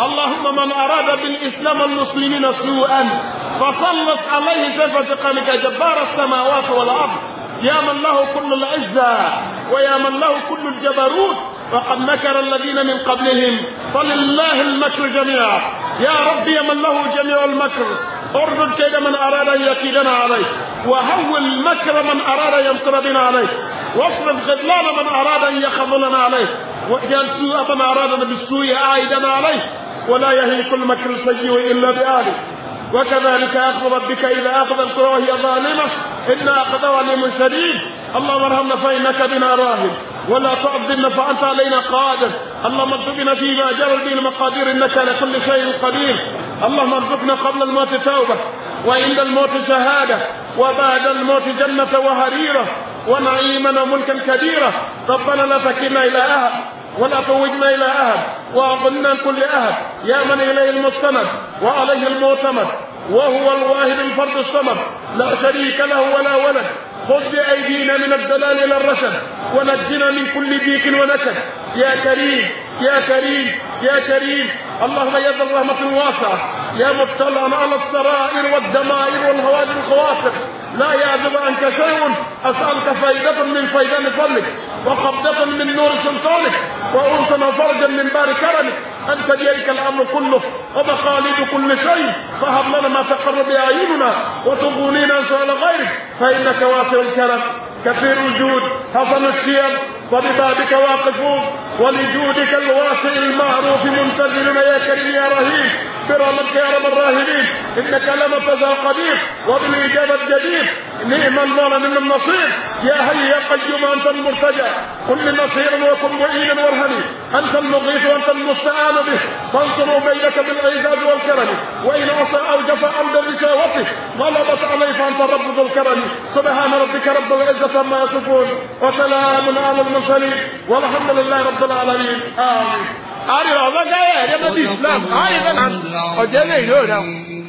اللهم من أراد بالإسلام المسلمين سوءا فسلط عليه سيف انتقامك جبار السماوات والأرض يا من له كل العزة ويا من له كل الجبروت فقد مكر الذين من قبلهم فلله المكر جميعا يا رب يا من له جميع المكر اردد كيد من أراد أن يكيدنا عليه وهول مكر من أراد أن يمكر بنا عليه واصرف خذلان من أراد أن يخذلنا عليه واجعل سوء من اراد بالسوء عائدنا عليه ولا يهلك المكر السيء إلا بآله وكذلك أخذ ربك إذا أخذ القرى وهي ظالمة إن أخذ عليم شديد اللهم ارحمنا فإنك بنا راهب ولا تعظمنا فأنت علينا قادر اللهم ارزقنا فيما جرى به المقادير إنك على كل شيء قدير اللهم ارزقنا قبل الموت توبة وعند الموت شهادة وبعد الموت جنة وهريرة ونعيما وملكا كبيرا ربنا لا تكلنا إلى أهل ولا توجنا إلى أهل وأقلنا كل أهل يا من إليه المستند وعليه المعتمد وهو الواهب الفرد الصمد لا شريك له ولا ولد خذ بأيدينا من الدلال إلى الرشد ونجنا من كل ديك ونشد يا كريم يا كريم يا كريم اللهم يا ذا الرحمة الواسعة يا مطلعا على السرائر والدمائر والهواجر الخواصر لا يعزب عنك شيء أسألك فائدة من فيضان فضلك وقبضة من نور سلطانك وأنصنا فرجا من بار كرمك أنت بيدك الأمر كله ومخاليد كل شيء فهب لنا ما تقر بأعيننا وتبونينا سؤال غيرك فإنك واسع الكرم كثير الجود حسن الشيم وببابك واقفون ولجودك الواسع المعروف منتظرنا يا كريم يا رهيب برحمتك يا رب الراهبين انك لم فزع قدير وبالاجابه الجديد نعم المولى من نعم النصير يا هل يا قيوم انت المرتجى كن نصيرا وكن معينا وارهمي انت المغيث وانت المستعان به فانصروا بينك بالعزاز والكرم وان عصى او جفى عمدا بشهوته غلبت عليه فانت رب ذو الكرم سبحان ربك رب العزه عما يصفون وسلام على المرسلين المرسلين والحمد لله رب العالمين آمين. أري رابع جاي أري بدي إسلام أري بنان أجمع يورام.